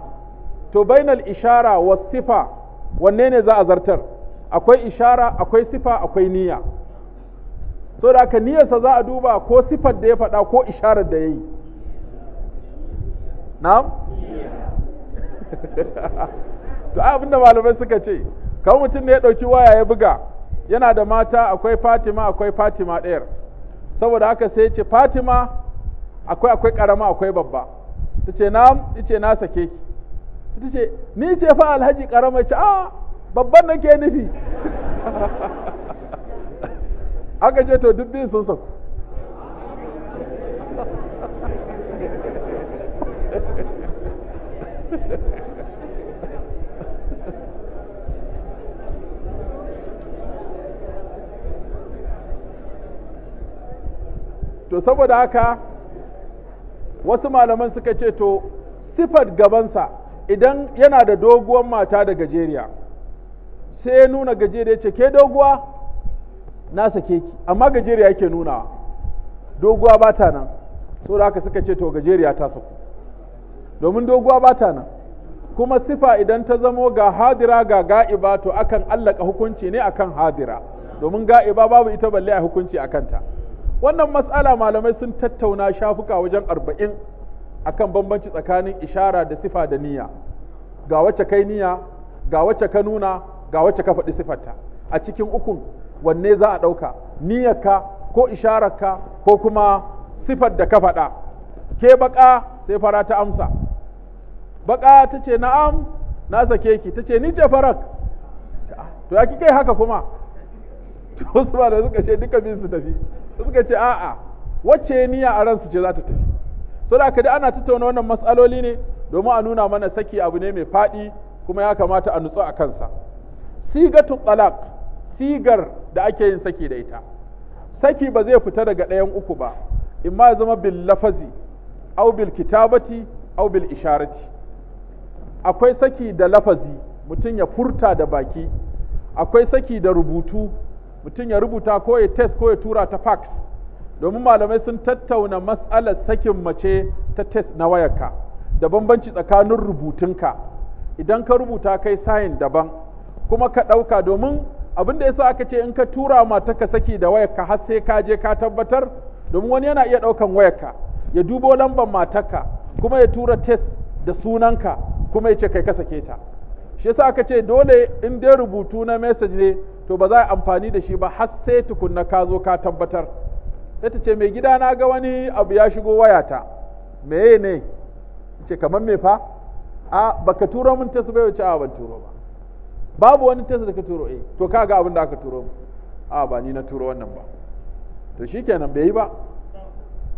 to bainal ishara wa sifa wanne ne za a zartar akwai ishara akwai sifa akwai niyya so da aka niyyarsa za a duba ko sifar da ya faɗa ko isharar da ya yi na'am to abinda malamai suka ce kan mutum ne ya ɗauki waya ya buga yana da mata akwai fatima akwai fatima ɗayar saboda haka sai ce fatima akwai akwai ƙarama akwai babba ta ce na sake ki ta ce ni ce fa alhaji karama ce a ah, babban ke nufi aka ce to duk biyun sun to saboda haka wasu malaman suka ce to sifar gabansa idan yana da doguwar mata da gajeriya sai ya nuna gajeriya ce ke doguwa na sake ki amma gajeriya yake nuna doguwa ba ta nan so da haka suka ce to gajeriya ta saku domin doguwa ba ta nan kuma sifa idan ta zamo ga hadira ga ga'iba to akan allaka hukunci ne akan hadira domin ga'iba babu ita balle a hukunci akanta wannan matsala malamai sun tattauna shafuka wajen arba'in akan bambanci tsakanin ishara da sifa da niyya ga wacce kai niyya ga wacce ka nuna ga wacce ka faɗi sifarta a cikin ukun wanne za a ɗauka niyyarka ko ishararka ko kuma sifar da ka faɗa ke baƙa sai fara ta amsa baƙa ta ce na'am na sake ki ta ce ni ce farak to ya kike haka kuma wasu ba da suka ce duka bin su tafi suka ce a'a wacce niyya a ransu ce za ta tafi saboda ka da ana tattauna wannan matsaloli ne domin a nuna mana saki abu ne mai faɗi kuma ya kamata a nutsu a kansa sigatu talaq sigar da ake yin saki da ita saki ba zai fita daga ɗayan uku ba imma ya zama bil lafazi au bil kitabati au bil isharati akwai saki da lafazi mutum ya furta da baki akwai saki da rubutu mutum ya rubuta ko ya test ko ya tura ta fax domin malamai sun tattauna matsalar sakin mace ta test na wayarka da bambanci tsakanin rubutunka idan ka rubuta kai sayin daban kuma ka ɗauka domin abin da yasa aka ce in ka tura mata ka saki da wayarka har sai ka je ka tabbatar domin wani yana iya ɗaukan wayarka ya dubo lambar matarka kuma ya tura test da sunan ka kuma ya ce kai ka sake ta shi yasa aka ce dole in dai rubutu na message ne to ba za a amfani da shi ba har sai tukunna ka zo ka tabbatar sai ta ce mai gida na ga wani abu ya shigo wayata meye ne ce kamar me fa a baka turo min tesu bai wuce a ban turo ba babu wani tesu da ka turo eh to ka ga abin da aka turo mu a ba ni na turo wannan ba to shikenan bai yi ba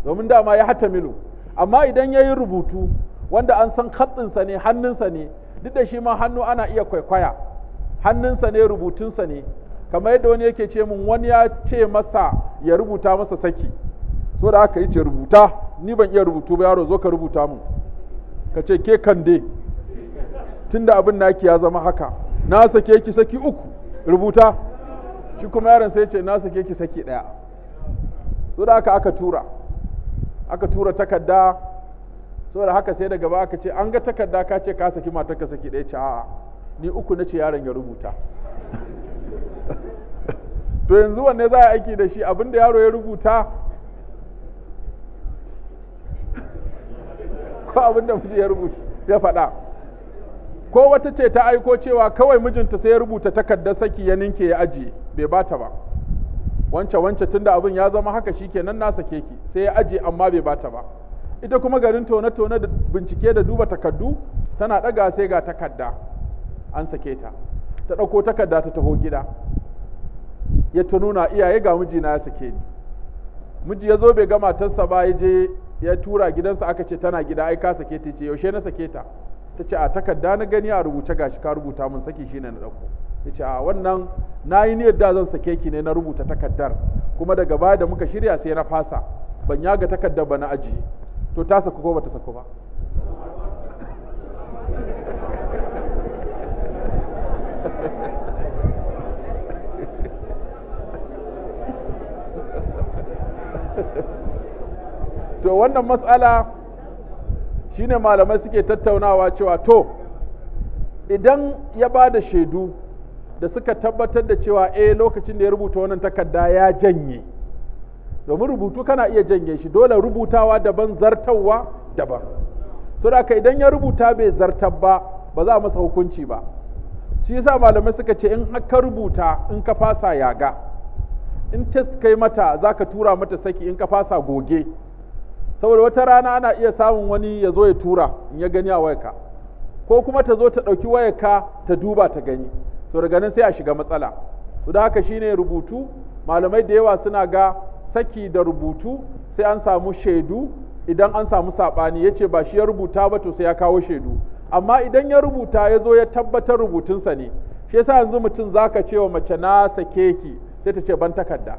domin dama ya hata milu amma idan ya yi rubutu wanda an san katsinsa ne hannunsa ne duk da shi ma hannu ana iya kwaikwaya hannunsa ne rubutunsa ne kamar yadda wani yake ce min wani ya ce masa ya rubuta masa saki so da aka yi ce rubuta ni ban iya rubutu ba yaro zo ka rubuta mun ka ce ke kande tunda abin naki ya zama haka na sake ki saki uku rubuta shi kuma yaron sai ce na sake ki saki daya so da aka aka tura aka tura takarda so da haka sai daga ba aka ce an ga takarda ka ce ka saki matar ka saki daya ce a'a ni uku na ce yaron ya rubuta to yanzu wanne za a aiki da shi abin da yaro ya rubuta ko abin da miji ya rubuta ya faɗa ko wata ce ta aiko cewa kawai mijinta sai ya rubuta takardar saki ya ninke ya ajiye bai bata ba wance wance tunda abin ya zama haka shi na sake ki sai ya ajiye amma bai bata ba ita kuma garin tone tone da bincike da duba takardu tana ɗaga sai ga takarda an sake ta ta ɗauko takarda ta taho gida ya ta nuna iyaye ga mijina ya sake ni miji ya zo bai ga matarsa ba ya je ya tura gidansa aka ce tana gida ai ka sake ta ce yaushe na sake ta ta ce a takarda na gani a rubuce gashi ka rubuta mun saki shine na dauko ya ce a wannan na yi niyyar da zan sake ki ne na rubuta takardar kuma daga baya da muka shirya sai na fasa ban yaga takardar ba na ajiye to ta saku ko bata saku ba to wannan matsala shine malamai suke tattaunawa cewa to idan ya ba da shaidu da suka tabbatar da cewa eh lokacin da ya rubuta wannan takarda ya janye domin rubutu kana iya janye shi dole rubutawa daban zartawa daban saboda idan ya rubuta bai zartar ba ba za a masa hukunci ba shi yasa malamai suka ce in ka rubuta in ka fasa yaga in test kai mata za ka tura mata saki in ka fasa goge saboda wata rana ana iya samun wani ya zo ya tura in ya gani a wayarka ko kuma ta zo ta ɗauki wayarka ta duba ta gani to daga nan sai a shiga matsala to da haka shine rubutu malamai da yawa suna ga saki da rubutu sai an samu shaidu idan an samu saɓani ya ce ba shi ya rubuta ba to sai ya kawo shaidu amma idan ya rubuta ya zo ya tabbatar rubutunsa ne shi yasa yanzu mutum zaka ce wa mace na sake ki sai ta ce ban takarda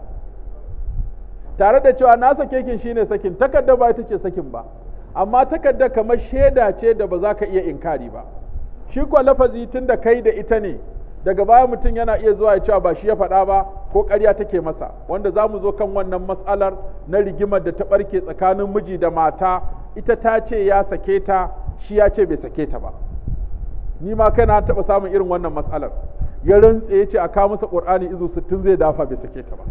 tare da cewa na sake kin shine sakin takarda ba ita ce sakin ba amma takarda kamar shaida ce da ba za ka iya inkari ba shi kuwa lafazi tun da kai da ita ne daga baya mutum yana iya zuwa ya cewa ba shi ya faɗa ba ko ƙarya take masa wanda za mu zo kan wannan matsalar na rigimar da ta ɓarke tsakanin miji da mata ita ta ce ya sake ta shi ya ce bai sake ta ba ni ma kai na taɓa samun irin wannan matsalar ya rantse ya ce a kawo masa ƙur'ani izu 60 zai dafa bai sake ta ba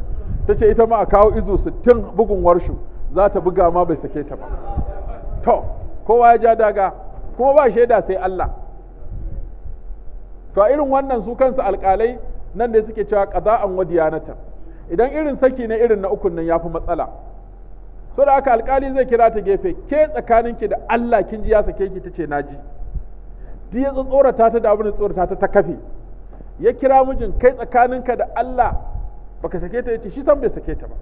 ta ce ita ma a kawo izu 60 bugun warshu za ta buga ma bai sake ta ba to kowa ya ja daga kuma ba shaida sai Allah to irin wannan su kansu alƙalai nan da suke cewa qada'an wa diyanatan idan irin saki na irin na ukun nan yafi matsala so da aka alƙali zai kira ta gefe ke tsakanin ki da Allah kin ji ya sake ki tace naji ji ya tsorata ta da abin tsorata ta ta kafe ya kira mijin kai tsakaninka da Allah baka sake ta yace shi san bai sake ta ba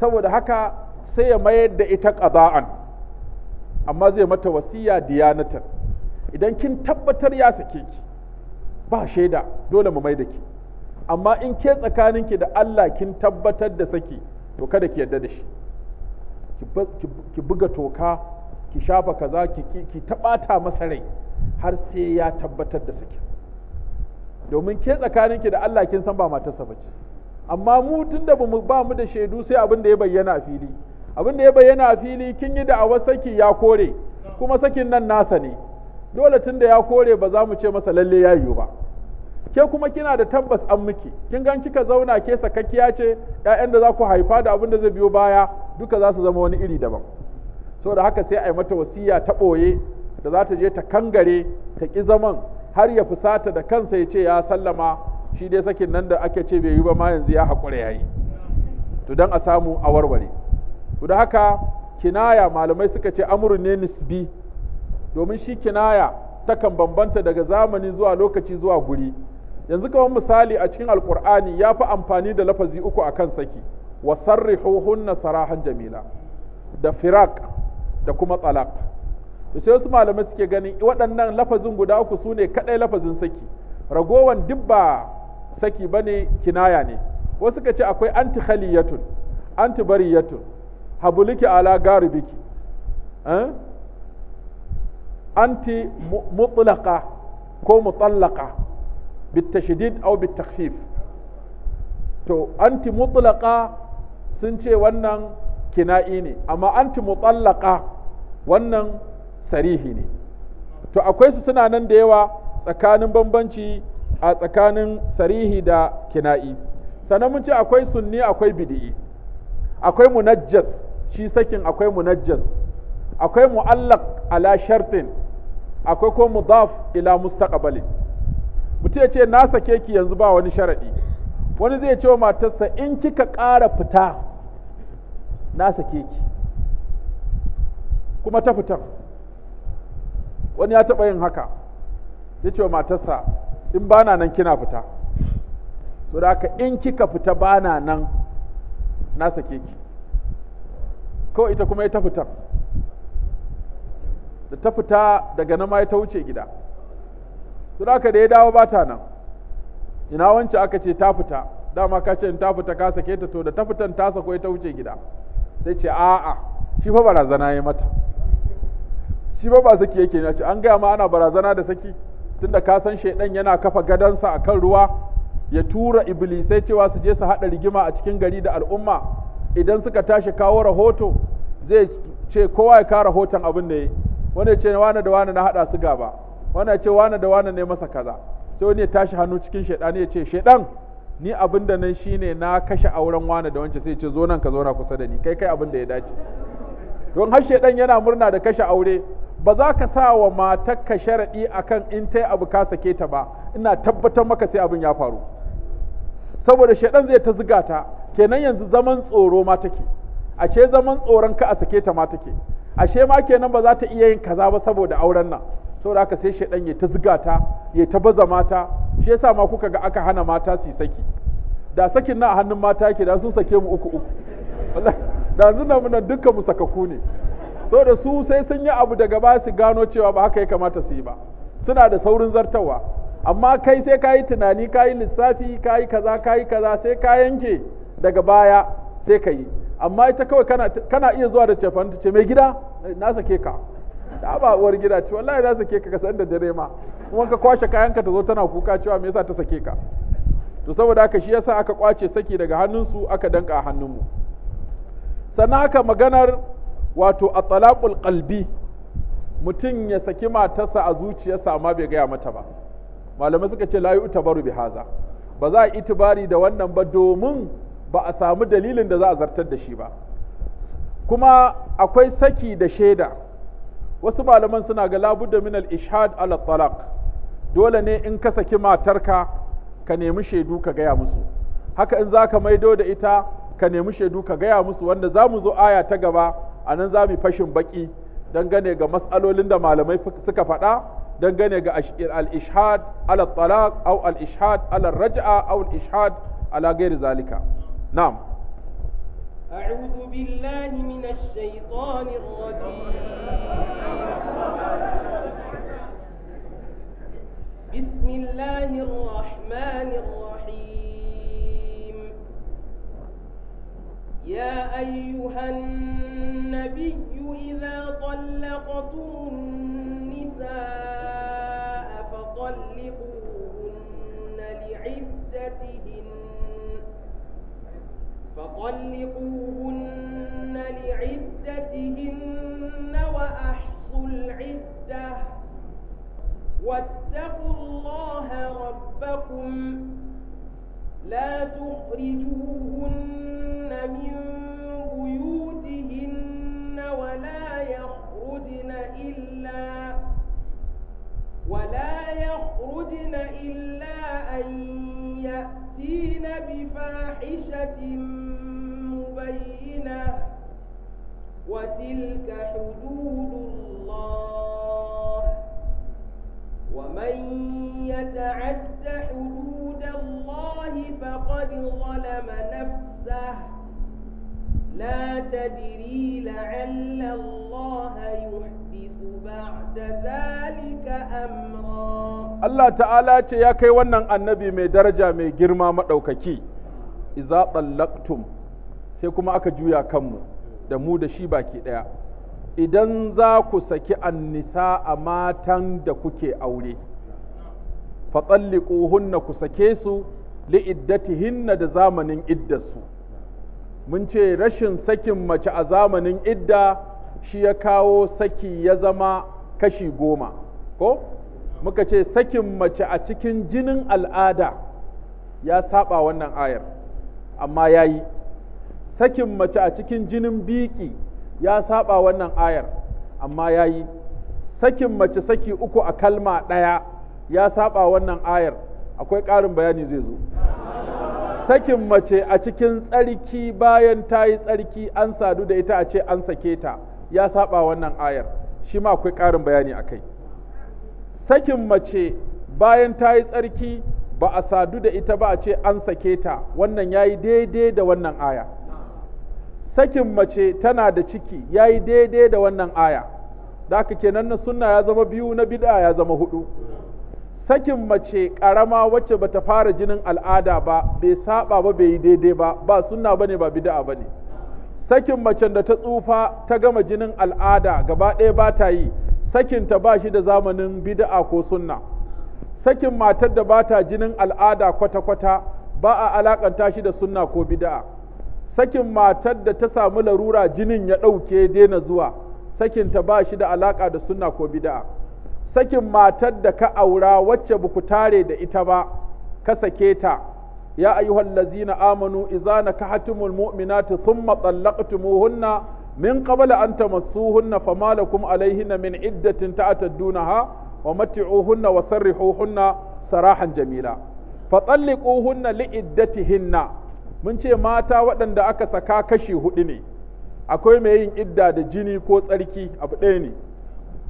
saboda haka sai ya mayar da ita qada'an amma zai mata wasiya yanata idan kin tabbatar ya sake ki ba shaida dole mu mai da ki amma in ke tsakaninki da Allah kin tabbatar da saki to kada ki yarda da shi ki buga toka ki shafa kaza ki ki taɓata masa rai har sai ya tabbatar da saki domin ke ki da Allah kin san ba matarsa bace amma mu tunda bamu ba mu da shaidu sai abin da ya bayyana a fili abin da ya bayyana a fili kin yi da'awar saki ya kore kuma sakin nan nasa ne dole tunda ya kore ba za mu ce masa lalle ya yiwu ba ke kuma kina da tabbas an miki kin gan kika zauna ke sakakkiya ce ƴaƴan da za ku haifa da abin da zai biyo baya duka za su zama wani iri daban saboda haka sai a yi mata wasiya ta ɓoye da za ta je ta kangare ta ki zaman har ya fusata da kansa ya ce ya sallama shi dai sakin nan da ake ce bai yi ba ma yanzu ya haƙura ya yi to don a samu a warware to da haka kinaya malamai suka ce amuru ne nisbi domin shi kinaya takan bambanta daga zamani zuwa lokaci zuwa guri yanzu kamar misali a cikin alkur'ani ya fi amfani da lafazi uku a kan saki wa hunna sarahan jamila da firak da kuma talaq to sai wasu malamai suke ganin waɗannan lafazin guda uku su ne kaɗai lafazin saki ragowan dibba saki ba ne kinaya ne wasu ka ce akwai anti khaliyatun anti bariyatun habuliki ala garibiki eh? anti mutlaqa ko mutallaqa bitashdid aw bitakhfif to anti mutlaqa sun ce wannan kina'i ne amma anti mutallaqa wannan sarihi ne to akwai su suna nan da yawa tsakanin bambanci a tsakanin sarihi da kina'i sannan mun ce akwai sunni akwai bidi'i akwai munajjas shi sakin akwai munajjas akwai mu'allaq ala shartin akwai ko mudaf ila mustaqbalin mutum ya ce na sake ki yanzu ba wani sharadi wani zai ce wa matarsa in kika ƙara fita na sake ki kuma ta fitan. wani ya taɓa yin haka ya ce wa matarsa in bana nan kina fita to da haka in kika fita bana nan na sake ki kawai ita kuma ya ta fita da ta fita daga nan ya ta wuce gida to da haka da ya dawo bata nan ina wance aka ce ta fita dama ka ce in ta fita ka sake ta to da ta fitan ta sako ya ta wuce gida sai ce a'a shi fa barazana ya mata shi ba ba saki yake ne an gaya ma ana barazana da saki tunda ka san shaidan yana kafa gadansa a kan ruwa ya tura iblisai cewa su je su haɗa rigima a cikin gari da al'umma idan suka tashi kawo rahoto zai ce kowa ya kawo rahoton abin da ya wani ya ce wane da wane na haɗa su gaba wani ya ce wane da wane ne masa kaza sai wani ya tashi hannu cikin shaidan ya ce shaidan ni abin da nan shine na kashe auren wane da wancan sai ya ce zo nan ka zo na kusa da ni kai kai abin da ya dace don har shaidan yana murna da kashe aure ba za ka sa wa ka sharaɗi akan in ta abu ka sake ta ba ina tabbatar maka sai abin ya faru saboda shaidan zai ta ziga ta kenan yanzu zaman tsoro ma take ashe zaman tsoron ka a sake ta ma take ashe ma kenan ba za ta iya yin kaza ba saboda auren nan saboda haka sai shaɗan ya ta ziga ta ya ta baza mata shi yasa ma kuka ga aka hana mata su saki da sakin na a hannun mata yake da sun sake mu uku uku da yanzu na dukkan mu sakaku ne so da su sai sun yi abu daga ba su gano cewa ba haka ya kamata su yi ba suna da saurin zartawa amma kai sai ka yi tunani ka yi lissafi ka yi kaza ka yi kaza sai ka yanke daga baya sai ka yi amma ita kawai kana, iya zuwa da cefan ce mai gida na sake ka da ba uwar gida ce wallahi na sake ka ka da dare ma kuma ka kwashe kayanka ta zo tana kuka cewa me yasa ta sake ka to saboda haka shi yasa aka kwace saki daga hannunsu aka danka a hannunmu sannan haka maganar wato a talaqul ƙalbi mutum ya saki matarsa a zuciyarsa amma bai gaya mata ba malamai suka ce ta baru bi haza ba za a itibari da wannan ba domin ba a samu dalilin da za a zartar da shi ba kuma akwai saki da shaida wasu malaman suna ga labudda min al ishad ala talaq dole ne in ka saki matarka ka nemi shaidu ka gaya musu haka in za ka maido da ita ka nemi shaidu ka gaya musu wanda za mu zo aya ta gaba anan za mu fashin baki dangane ga masalolin da malamai suka faɗa dangane ga al-ishhad ala talaq aw al-ishhad ala raj'a aw al-ishhad ala ghairi zalika na'am a'udhu billahi minash shaitanir rajim بسم الله الرحمن الرحيم يا أيها النبي إذا طلقتم النساء فطلقوهن لعدتهن فطلقوهن لعدتهن وأحصوا العدة واتقوا الله ربكم لا تخرجوهن من بيوتهن ولا يخرجن إلا ولا يخرجن إلا أن يأتين بفاحشة مبينة وتلك حدود الله ومن يتعد حدود الله فقد ظلم نفسه لا تدري لعل الله يحدث بعد ذلك امرا الله تعالى يا كي wannan annabi mai daraja mai girma madaukaki idza ballaqtum sai kuma aka juya kanmu da mu da shi baki ɗaya. idan za ku saki annisa a matan da kuke aure fatsalliquhunna ku sake su hinna da zamanin iddarsu mun ce rashin sakin mace a zamanin idda shi ya kawo saki ya zama kashi goma ko muka ce sakin mace a cikin jinin al'ada ya saba wannan ayar amma ya yi sakin mace a cikin jinin biki ya saba wannan ayar amma ya yi sakin mace saki uku a kalma ɗaya ya saba wannan ayar akwai ƙarin bayani zai zo sakin mace a cikin tsarki bayan ta yi tsarki an sadu da ita a ce an sake ta ya saba wannan ayar shi ma akwai ƙarin bayani a kai sakin mace bayan ta yi tsarki ba a sadu da ita ba a ce an sake ta wannan ya yi daidai da wannan aya sakin mace tana da ciki ya yi daidai da wannan aya da haka kenan na sunna ya zama biyu na bid'a ya zama hudu sakin mace karama wacce bata fara jinin al'ada ba bai saba ba bai yi daidai ba ba sunna bane ba bid'a bane sakin macen da ta tsufa ta gama jinin al'ada gaba ɗaya ba ta yi sakinta ba shi da zamanin bid'a ko sunna sakin matar da ba ta jinin al'ada kwata-kwata ba a alakanta shi da sunna ko bid'a sakin matar da ta samu larura jinin ya ɗauke daina zuwa sakin ta ba shi da alaƙa da suna ko bida'a sakin matar da ka aura wacce buku tare da ita ba ka sake ta ya ayyuhal na amanu idza nakahatumul mu'minati thumma muhunna min qabla an tamassuhunna fama lakum alayhinna min iddatin ta'taddunaha wa mat'uhunna wa sarrihuhunna sarahan jamila hunna li iddatihinna mun ce mata waɗanda aka saka kashi huɗu ne akwai mai yin idda da jini ko tsarki abu ɗaya ne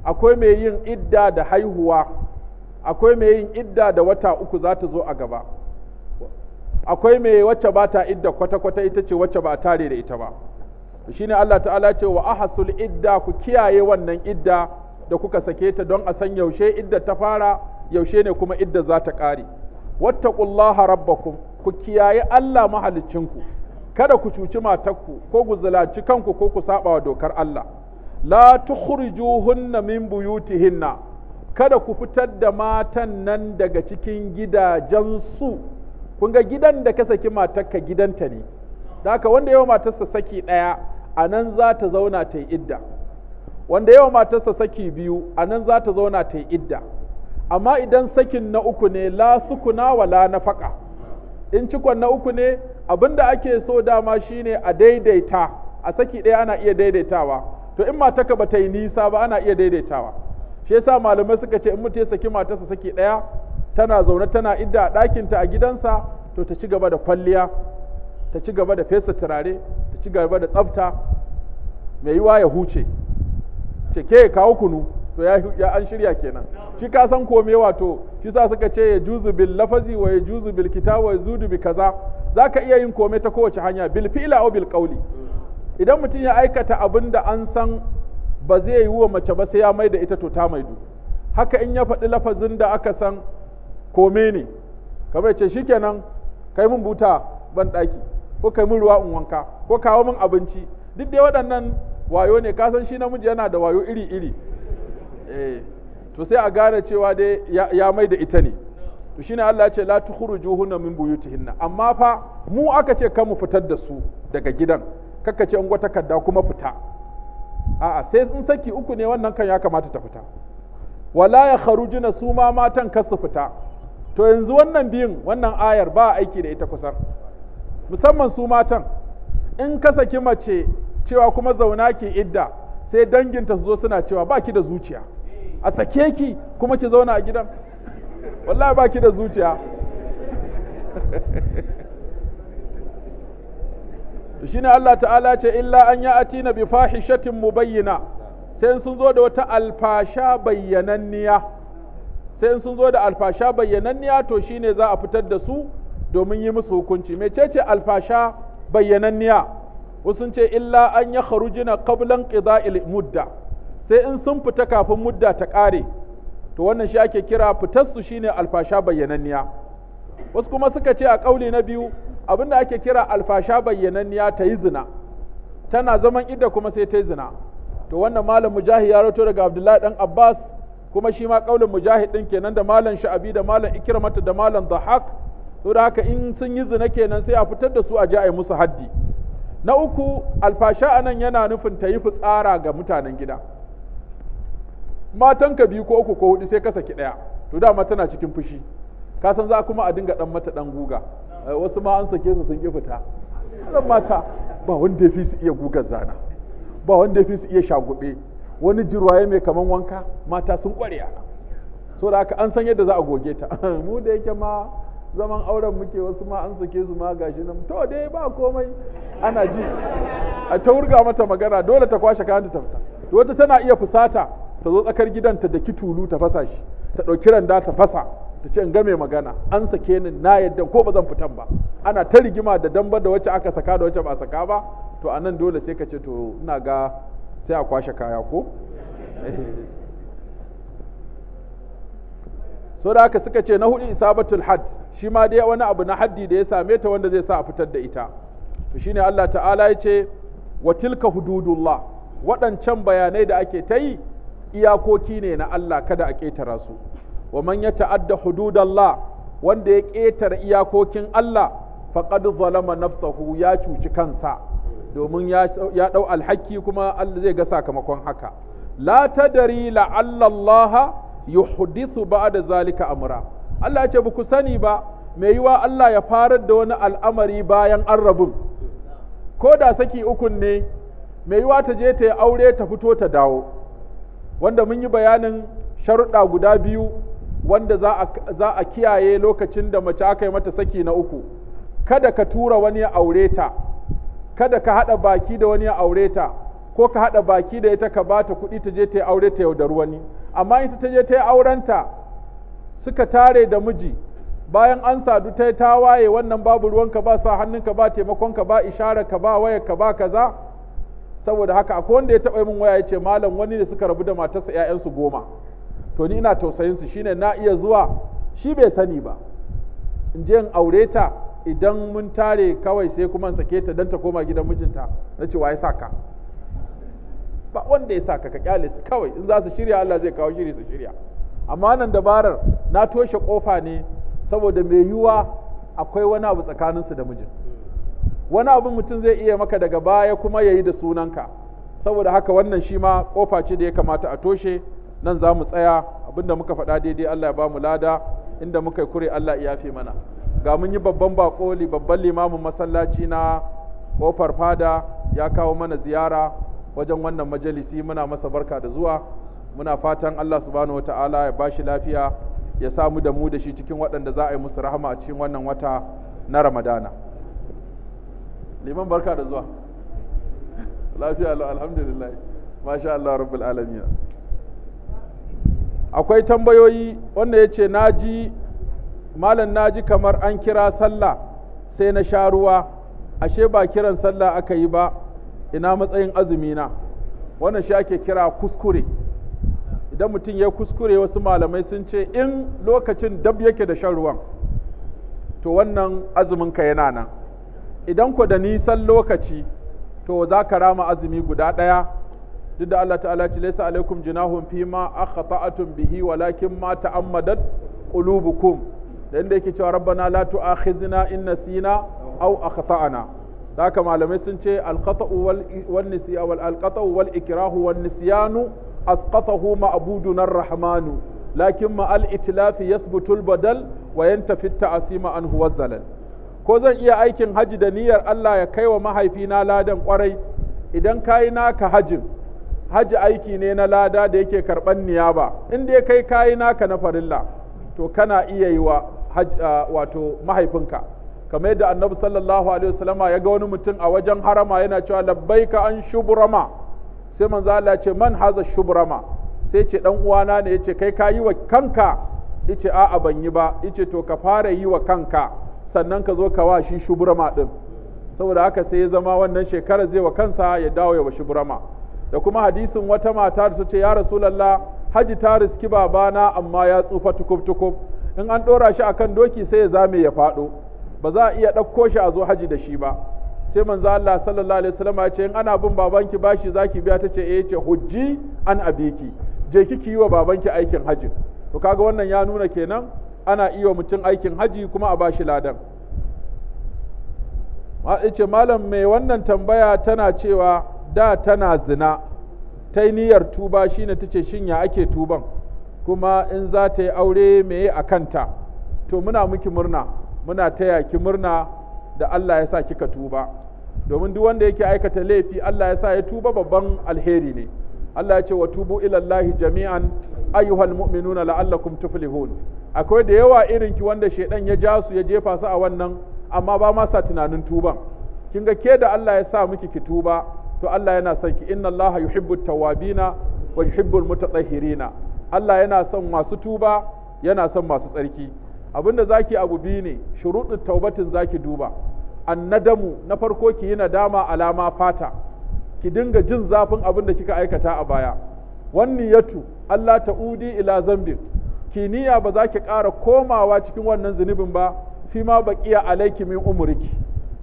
akwai mai yin idda da haihuwa akwai mai yin idda da wata uku za ta zo a gaba akwai mai wacce ba ta idda kwata-kwata ita ce wacce ba tare da ita ba shi ne Allah ta'ala ce wa ahasul idda ku kiyaye wannan idda da kuka sake ta don a san yaushe idda ta fara yaushe ne kuma idda za ta ƙare wattaqullaha rabbakum ku kiyaye Allah mahalicinku kada ku cuci matarku ko ku zalaci kanku ko ku saba wa dokar Allah la tukhrijuhunna min buyutihinna kada ku fitar da matan nan daga cikin gidajensu kun ga gidan da ka saki matarka gidanta ne haka wanda yawa matarsa saki ɗaya a nan za ta zauna ta yi idda wanda yawa matarsa saki biyu a nan za ta zauna ta yi idda amma idan sakin na uku ne la sukuna wala nafaka in cikon na uku ne da ake so dama shine a daidaita a saki ɗaya ana iya daidaitawa to in mataka ba ta yi nisa ba ana iya daidaitawa shi yasa malamai suka ce in mutum ya saki matarsa saki ɗaya tana zaune tana idda a ɗakinta a gidansa to ta ci gaba da kwalliya ta ci gaba da fesa turare ta ci gaba da tsafta mai yiwa ya huce ce ke kawo kunu to ya ya an shirya kenan shi ka san kome wato shi sa suka ce ya juzu bil lafazi wa ya juzu bil kita wa zudu bi kaza zaka iya yin kome ta kowace hanya bil fi'la aw bil qawli idan mutum ya aikata abin da an san ba zai yi wa mace ba sai ya mai da ita to ta maidu haka in ya faɗi lafazin da aka san kome ne kamar ce shikenan kai mun buta ban ɗaki ko kai mun ruwa in wanka ko kawo mun abinci duk dai waɗannan wayo ne ka san shi namiji yana da wayo iri iri Eh, to sai a gane cewa dai ya mai da ita ne to shine Allah ya ce la hunna min buyutihinna amma fa mu aka ce kan mu fitar da su daga gidan kakka ce ungo takarda kuma fita a'a sai sun saki uku ne wannan kan ya kamata ta fita wala ya kharujuna su ma matan kar su fita to yanzu wannan biyun wannan ayar ba aiki da ita kusan musamman su matan in ka saki mace cewa kuma zauna ki idda sai danginta su zo suna cewa baki da zuciya a sake ki kuma ki zauna a gidan wallahi ba ki da zuciya shine Allah ta'ala ce illa an ati na bi fahishatin mubayyana sai sun zo da wata alfasha bayyananniya sai sun zo da alfasha bayyananniya to shine za a fitar da su domin yi musu hukunci mecece alfasha bayyananniya wasu ce illa an ya kharujina qablan qida'il mudda sai in sun fita kafin mudda ta ƙare to wannan shi ake kira fitarsu shine alfasha bayyananniya wasu kuma suka ce a ƙauli na biyu abin da ake kira alfasha bayyananniya ta yi zina tana zaman idda kuma sai ta yi zina to wannan malam mujahid ya rato daga abdullahi dan abbas kuma shi ma ƙaulin mujahid ɗin kenan da malam sha'abi da malam ikramata da malam dhahak to da haka in sun yi zina kenan sai a fitar da su a je a yi musu haddi na uku alfasha anan yana nufin ta yi fitsara ga mutanen gida matanka biyu ko uku ko hudu sai ka saki daya to dama tana cikin fushi ka san za kuma a dinga dan mata dan guga eh, wasu ma an sake su sun yi fita zan mata ba wanda ya fi su iya gugar zana ba wanda ya fi su iya shagube wani jirwaye mai kaman wanka mata sun kware a so da haka an san yadda za a goge ta mu da yake ma zaman auren muke wasu ma an sake su ma gashi nan to dai ba komai ana ji a ta wurga mata magana dole ta kwashe kayan ta fita wata tana iya fusata ta zo tsakar gidan ta daki tulu ta fasa shi ta ɗauki randa ta fasa ta ce in ga mai magana an sake ni na yadda ko ba zan fitan ba ana ta rigima da damba da wacce aka saka da wacce ba saka ba to a nan dole sai ka ce to ina ga sai a kwashe kaya ko so da haka suka ce na hudu isabatul had shi ma dai wani abu na haddi da ya same ta wanda zai sa a fitar da ita to shine Allah ta'ala ya ce wa tilka hududullah waɗancan bayanai da ake ta yi iyakoki ne na Allah kada a ƙetara su wa man ya ta'adda hududallah wanda ya ƙetara iyakokin Allah faƙadu zalama nafsahu ya cuci kansa domin ya ɗau alhaki kuma Allah zai ga sakamakon haka la ta dari la'allallaha yi hudisu ba da zalika amura Allah ce ku sani ba mai yiwa Allah ya farar da wani al'amari bayan an rabun ko da saki ukun ne mai yiwa ta je ta yi aure ta fito ta dawo wanda mun yi bayanin sharuɗa guda biyu wanda za a kiyaye lokacin da mace aka yi mata saki na uku kada ka tura wani ya aure ta kada ka haɗa baki da wani ya aure ta ko ka haɗa baki da ita ka ba ta kuɗi ta je ta yi aure ta yaudar wani amma ita ta je ta yi aurenta suka tare da miji bayan an sadu ta yi tawaye wannan babu ruwanka ba sa hannunka ba taimakonka ba isharar ka ba ka ba kaza saboda haka akwai wanda ya taɓa yi min waya ya ce malam wani ne suka rabu da matarsa ‘ya'yansu goma to ni ina tausayin su shine na iya zuwa shi bai sani ba in je in aure ta idan mun tare kawai sai kuma in sake ta dan ta koma gidan mijinta na ce waye saka ba wanda ya saka ka kyale su kawai in za su shirya Allah zai kawo shiri su shirya amma nan dabarar na toshe kofa ne saboda mai yiwuwa akwai wani abu tsakaninsu da mijin wani abin mutum zai iya maka daga baya kuma ya yi da sunanka saboda haka wannan shi ma kofa ce da ya kamata a toshe nan za mu tsaya abinda muka faɗa daidai Allah ya ba mu lada inda muka yi kure Allah ya yafe mana ga mun yi babban bako babban limamin masallaci na kofar fada ya kawo mana ziyara wajen wannan majalisi muna masa barka da zuwa muna fatan Allah subhanahu wataala ya bashi lafiya ya samu da mu da shi cikin waɗanda za a yi musu rahama a cikin wannan wata na Ramadana liman barka da zuwa lafiya alhamdulillah masha Allah rabbul alamin akwai tambayoyi wanda yace ce naji malam naji kamar an kira sallah sai na sha ruwa ashe ba kiran sallah aka yi ba ina matsayin azumi na wannan shi ake kira kuskure idan mutum ya kuskure wasu malamai sun ce in lokacin dab yake da shan ruwan to wannan azumin ka yana nan idan ku da nisan lokaci to za ka rama azumi guda ɗaya duk da Allah ta'ala ce laisa alaikum junahun fi ma akhata'atum bihi walakin ma ta'ammadat qulubukum da inda yake cewa rabbana la tu'akhizna in nasina aw akhata'na haka malamai sun ce alqata'u wal wal nisya wal alqata'u wal ikrahu wan nisyanu asqatahu ma'buduna rahmanu lakin ma al itlafi yathbutu badal wa yantafi at ta'sima anhu zalal ko zan iya aikin haji da niyyar Allah ya kai wa mahaifina ladan kwarai idan kayi naka hajin haji aiki ne na lada da yake karban niyaba in dai kai kayi naka na farilla to kana iya yi wa wato mahaifinka kamar yadda annabi sallallahu alaihi wasallama ya ga wani mutum a wajen harama yana cewa labbaika an shubrama sai manzo Allah ce man haza shubrama sai ce dan uwana ne yace kai kayi wa kanka yace a'a ban yi ba yace to ka fara yi wa kanka sannan ka zo ka wa shi shuburama din saboda haka sai ya zama wannan shekarar zai wa kansa ya dawo ya wa shuburama da kuma hadisin wata mata da ce ya rasulullah haji ta riski babana amma ya tsufa tukub tukub in an dora shi akan doki sai ya zame ya faɗo ba za a iya ɗauko shi a zo haji da shi ba sai manzo Allah sallallahu alaihi wasallam ya ce in ana bin babanki bashi zaki biya ta ce eh ce hujji an abiki je kiki yi wa babanki aikin haji to kaga wannan ya nuna kenan ana iya mutum aikin haji kuma a bashi ladan ce malam mai wannan tambaya tana cewa da tana zina ta niyyar tuba shine ta ce shinya ake tuban kuma in za ta yi aure mai a kanta to muna miki murna muna taya ki murna da Allah ya sa kika tuba domin duk wanda yake aikata laifi Allah ya sa ya tuba babban alheri ne Allah ya ce wa tubu ila Allah jami'an ayyuhal mu'minuna la'allakum tuflihun akwai da yawa irin ki wanda shedan ya ja su ya jefa su a wannan amma ba ma sa tunanin tuban kin ga ke da Allah ya sa miki ki tuba to Allah yana son ki inna Allah yuhibbu tawabina wa yuhibbu mutatahhirina Allah yana son masu tuba yana son masu tsarki abinda zaki abu biyu ne shuruɗin taubatin zaki duba annadamu na farko ki yi nadama alama fata ki dinga jin zafin abin da kika aikata a baya wannan yatu Allah udi ila zambin ki niyya ba za ki ƙara komawa cikin wannan zunubin ba fi ma baqiya alayki min umriki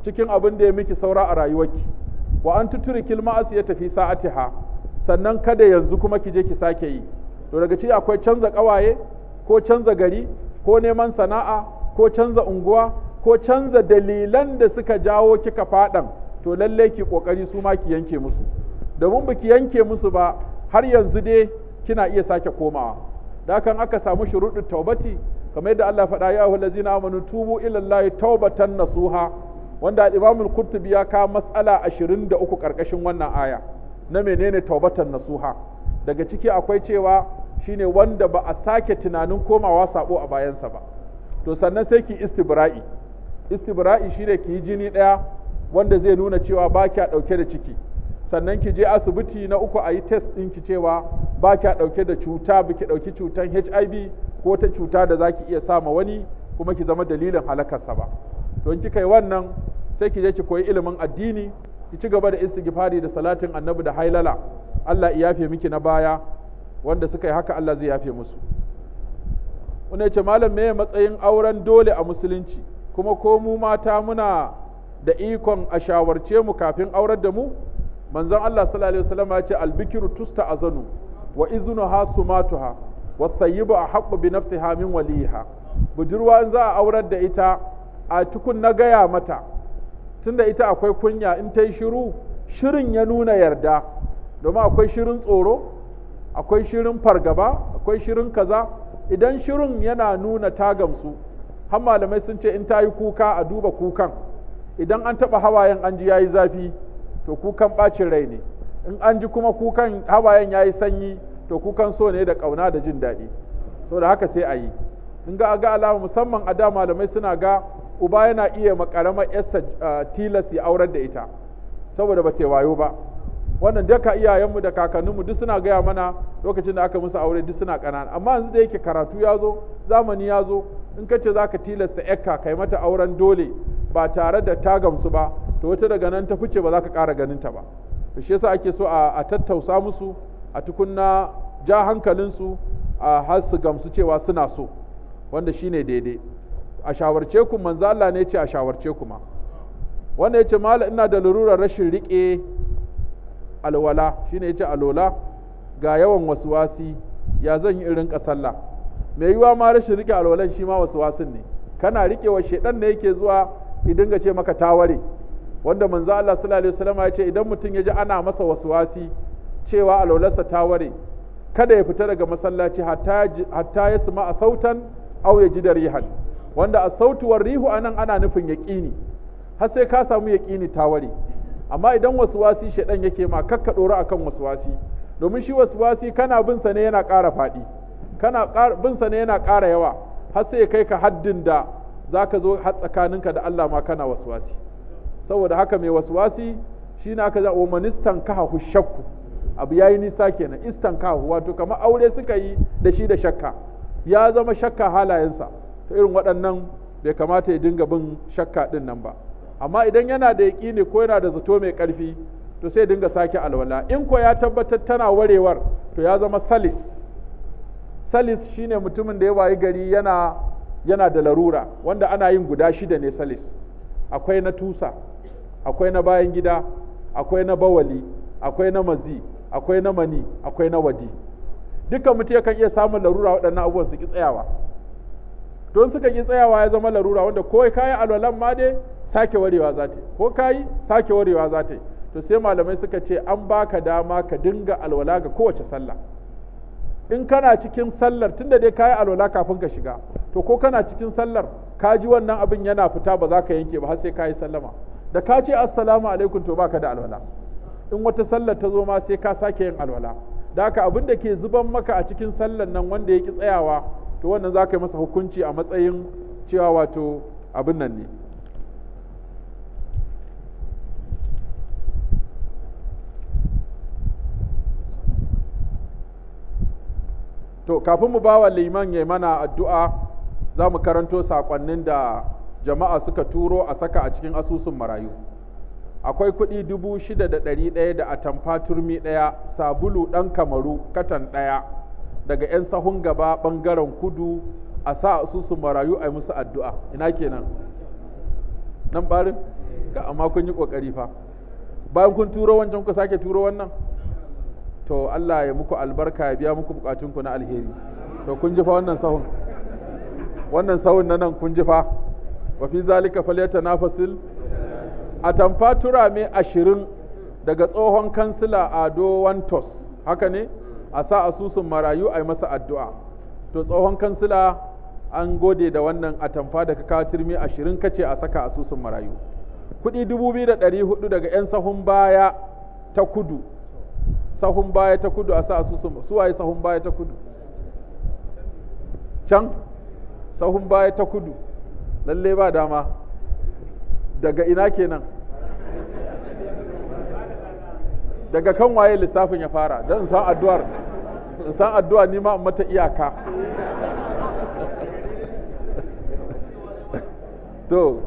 cikin abin da ya miki saura a rayuwarki wa an tuturikil ma'asiyata fi sa'atiha sannan kada yanzu kuma ki je ki sake yi to daga ciki akwai canza kawaye ko canza gari ko neman sana'a ko canza unguwa ko canza dalilan da suka jawo kika fadan. to lalle ki kokari su ma ki yanke musu domin ba ki yanke musu ba har yanzu dai kina iya sake komawa da kan aka samu shuruɗin taubati kamar yadda Allah faɗa ya ahlul amanu tubu ila taubatan nasuha wanda Imam al-Qurtubi ya ashirin da uku karkashin wannan aya na menene taubatan nasuha daga ciki akwai cewa shine wanda ba a sake tunanin komawa sabo a bayansa ba to sannan sai ki istibra'i istibra'i shine ki yi jini ɗaya. wanda zai nuna cewa ba kya ɗauke da ciki sannan ki je asibiti na uku a yi test ɗin ki cewa ba kya ɗauke da cuta ba ki ɗauki cutan hiv ko ta cuta da zaki iya sama wani kuma ki zama dalilin halakarsa ba To in kika yi wannan sai ki je ki koyi ilimin addini ki ci gaba da istighfari da salatin annabi da hailala Allah ya yafe miki na baya wanda suka yi haka Allah zai yafe musu wanda ya ce malam me matsayin auren dole a musulunci kuma ko mu mata muna da ikon a shawarce mu kafin aurar da mu manzon Allah sallallahu alaihi wasallam ya ce albikiru tusta azanu wa iznuha sumatuha wasayyibu haqqu bi nafsiha min waliha budurwa in za a aurar da ita a tukun na gaya mata tunda ita akwai kunya in ta yi shiru shirin ya nuna yarda domin akwai shirin tsoro akwai shirin fargaba akwai shirin kaza idan shirin yana nuna ta har malamai sun ce in ta yi kuka a duba kukan idan an taɓa hawayen an ji yayi zafi to kukan ɓacin rai ne in an ji kuma kukan hawayen yayi sanyi to kukan so ne da ƙauna da jin daɗi to da haka sai a yi in ga ga alama musamman a da malamai suna ga uba yana iya makaramar yarsa tilas ya aurar da ita saboda ba ta wayo ba wannan daka iyayenmu da kakanninmu duk suna gaya mana lokacin da aka musu aure duk suna ƙanana amma yanzu da yake karatu ya zo zamani ya zo in ka ce za ka tilasta yakka kai mata auren dole ba tare da ta gamsu ba to wata daga nan ta fice ba za ka kara ganin ta ba to shi yasa ake so a tattausa musu a tukunna ja hankalinsu a har su gamsu cewa suna so wanda shine daidai a shawarce ku manzo Allah ne ce a shawarce ku ma wanda yace mala ina da larurar rashin rike alwala shine yace alola ga yawan wasu wasi ya zan yi irin sallah mai yiwa ma rashin rike alwalan shi ma wasu wasin ne kana rike rikewa shedan ne yake zuwa idan ga ce maka taware wanda manzo Allah sallallahu alaihi wasallam ya ce idan mutum ya ji ana masa wasu wasi cewa alwalarsa taware kada ya fita daga masallaci hatta ya suma a sautan aw ya ji da rihan wanda a sautuwar rihu anan ana nufin yaqini har sai ka samu yaqini taware amma idan wasu wasi shedan yake ma kakka akan akan wasi domin shi wasu wasi kana bin sa ne yana ƙara faɗi kana bin sa ne yana ƙara yawa har sai kai ka haddin da zaka zo har tsakaninka da Allah ma kana waswasi saboda haka mai waswasi shine aka za ka kaha shakku abu yayi nisa kenan istan kaha wato kamar aure suka yi da shi da shakka ya zama shakka halayensa to irin waɗannan bai kamata ya dinga bin shakka din nan ba amma idan yana da ne ko yana da zato mai ƙarfi to sai dinga sake alwala in ko ya tabbatar tana warewar to ya zama salis salis shine mutumin da ya wayi gari yana yana da larura wanda ana yin guda shida ne salis akwai na tusa akwai na bayan gida akwai na bawali akwai na mazi akwai na mani akwai na wadi dukkan mutum yakan iya samun larura waɗannan abubuwan su ki tsayawa don suka ki tsayawa ya zama larura wanda ko kayi alwalan ma dai sake warewa za ta ko kayi sake warewa za ta to sai malamai suka ce an baka dama ka dinga alwala ga kowace sallah in kana cikin sallar tunda dai kayi alwala kafin ka shiga to ko kana cikin sallar ka ji wannan abin yana fita ba za ka yanke ba har sai kayi sallama da ka ce assalamu alaikum to baka da alwala in wata sallar ta zo ma sai ka sake yin alwala da haka abin da ke zuban maka a cikin sallar nan wanda ya ki tsayawa to wannan za ka yi masa hukunci a matsayin cewa wato abin nan ne to kafin mu bawa liman ya mana addu'a za mu karanto sakonnin da jama'a suka turo a saka a cikin asusun marayu akwai kuɗi dubu shida da ɗari ɗaya da atamfa turmi ɗaya sabulu ɗan kamaru katan ɗaya daga 'yan sahun gaba bangaren kudu a sa asusun marayu a yi musu addu'a ina kenan nan barin? ga amma kun yi ƙoƙari fa bayan kun turo wancan ku sake turo wannan to Allah ya muku albarka ya biya muku bukatunku na alheri to kun ji fa wannan sahun wannan sahun na nan kun ji fa wa fi zalika falyatanafasil a tamfa tura ashirin daga tsohon kansila Ado Wantos haka ne a sa asusun marayu a yi masa addu'a to tsohon kansila an gode da wannan atamfa da katirmi kawo ashirin kace a saka asusun marayu kuɗi dubu da ɗari hudu daga 'yan sahun baya ta kudu sahun baya ta kudu a sa su su waye sahun baya ta kudu can sahun baya ta kudu lalle ba dama daga ina kenan daga kan waye lissafin ya fara don san addu'ar san addu'a ni ma mata iyaka to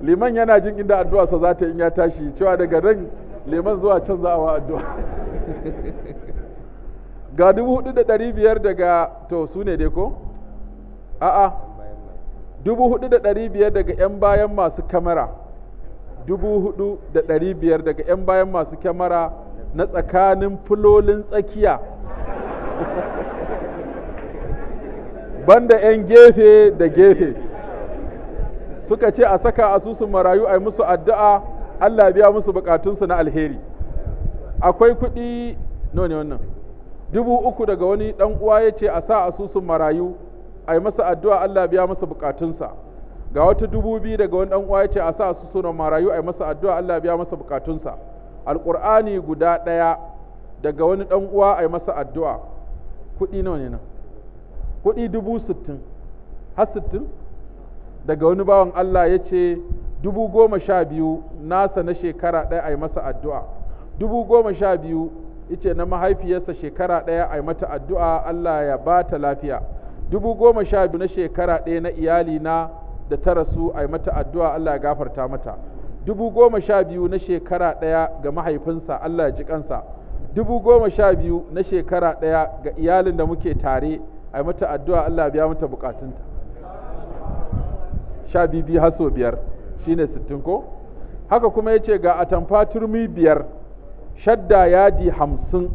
liman yana jin inda addu'a sa za ta in ya tashi cewa daga ran liman zuwa can za a wa addu'a ga dubu hudu da ɗari biyar daga to su ne dai ko a'a dubu hudu da ɗari biyar daga 'yan bayan masu kamara dubu hudu da ɗari biyar daga 'yan bayan masu kamara na tsakanin fulolin tsakiya banda 'yan gefe da gefe suka ce a saka asusun marayu a yi musu addu'a Allah biya musu bukatunsu na alheri akwai kuɗi nawa ne wannan dubu uku daga wani ɗan uwa ya ce a sa asusun marayu a yi masa addu'a Allah biya masa bukatunsa ga wata dubu biyu daga wani ɗan uwa ya ce a sa asusun marayu a yi masa addu'a Allah biya masa bukatunsa alƙur'ani guda ɗaya daga wani ɗan uwa a yi masa addu'a kuɗi nawa ne nan kuɗi dubu sittin har sittin daga wani bawan Allah ya ce dubu goma sha biyu nasa na shekara ɗaya a yi masa addu'a dubu goma sha biyu ita na mahaifiyarsa shekara ɗaya a mata addu'a Allah ya ba ta lafiya dubu goma sha biyu na shekara ɗaya na iyali na da ta rasu a mata addu'a Allah ya gafarta mata dubu goma sha biyu na shekara ɗaya ga mahaifinsa Allah ya ji kansa dubu goma sha biyu na shekara ɗaya ga iyalin da muke tare a mata addu'a Allah ya biya mata bukatunta sha bibi haso biyar shine sittin ko haka kuma ya ce ga atamfa turmi biyar shadda yadi hamsin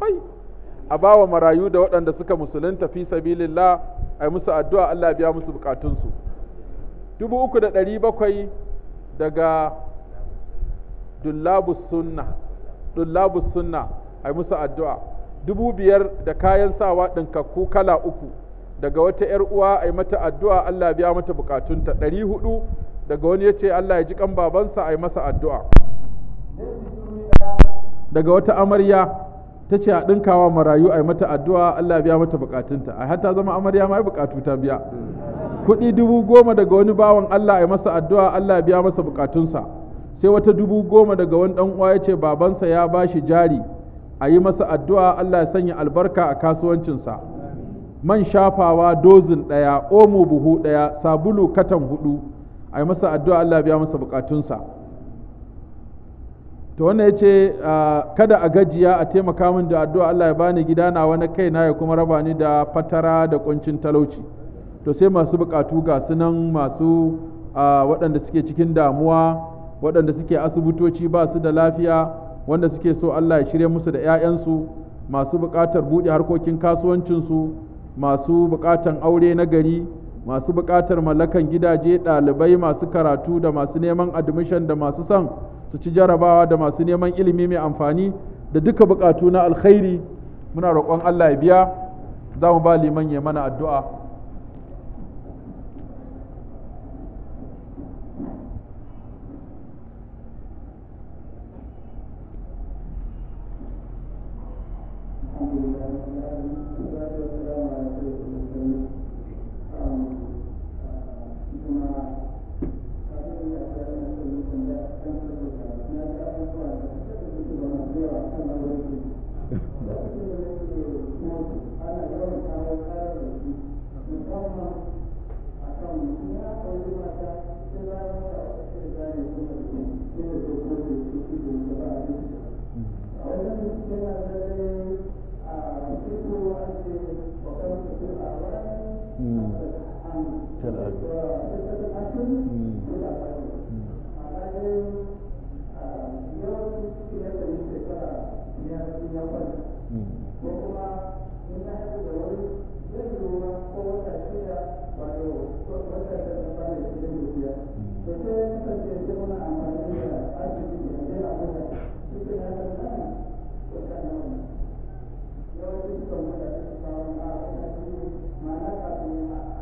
ai a bawa marayu da waɗanda suka musulunta fi sabilillah ai musu addu'a Allah biya musu bukatunsu dubu uku da ɗari bakwai daga dullabu sunna dullabu sunna ai musu addu'a dubu biyar da kayan sawa ɗinkakku kala uku daga wata ‘yar uwa ai mata addu'a Allah biya mata bukatunta ɗari hudu daga wani ya ce Allah ya ji kan babansa ai masa addu'a daga wata amarya ta ce a ɗinkawa marayu a yi mata addu'a Allah biya mata bukatunta a hata zama amarya ma yi bukatu ta biya kuɗi dubu goma daga wani bawan Allah a yi masa addu'a Allah biya masa bukatunsa sai wata dubu goma daga wani ɗan uwa ya ce babansa ya ba shi jari a yi masa addu'a Allah ya sanya albarka a kasuwancinsa man shafawa dozin ɗaya omo buhu ɗaya sabulu katan huɗu a yi masa addu'a Allah biya masa bukatunsa to wannan ya ce kada a gajiya a taimaka min da addu'a Allah ya bani gida na wani kai na ya kuma raba ni da fatara da kuncin talauci to sai masu bukatu ga sunan masu waɗanda suke cikin damuwa waɗanda suke asibitoci ba su da lafiya wanda suke so Allah ya shirya musu da 'ya'yansu masu buƙatar buɗe harkokin kasuwancinsu masu buƙatar aure na gari masu buƙatar mallakan gidaje ɗalibai masu karatu da masu neman admission da masu son su ci jarabawa da masu neman ilimi mai amfani da duka buƙatu na alkhairi muna roƙon Allah ya biya za mu ba liman ya mana addu'a shi ya sami shekara ya ya ko kuma in na da wani zai yiwuwa ko wata shida wato wata da ta fara to sai ya kasance muna amfani da asibiti da cikin sana ko yawancin ma'a ma'ana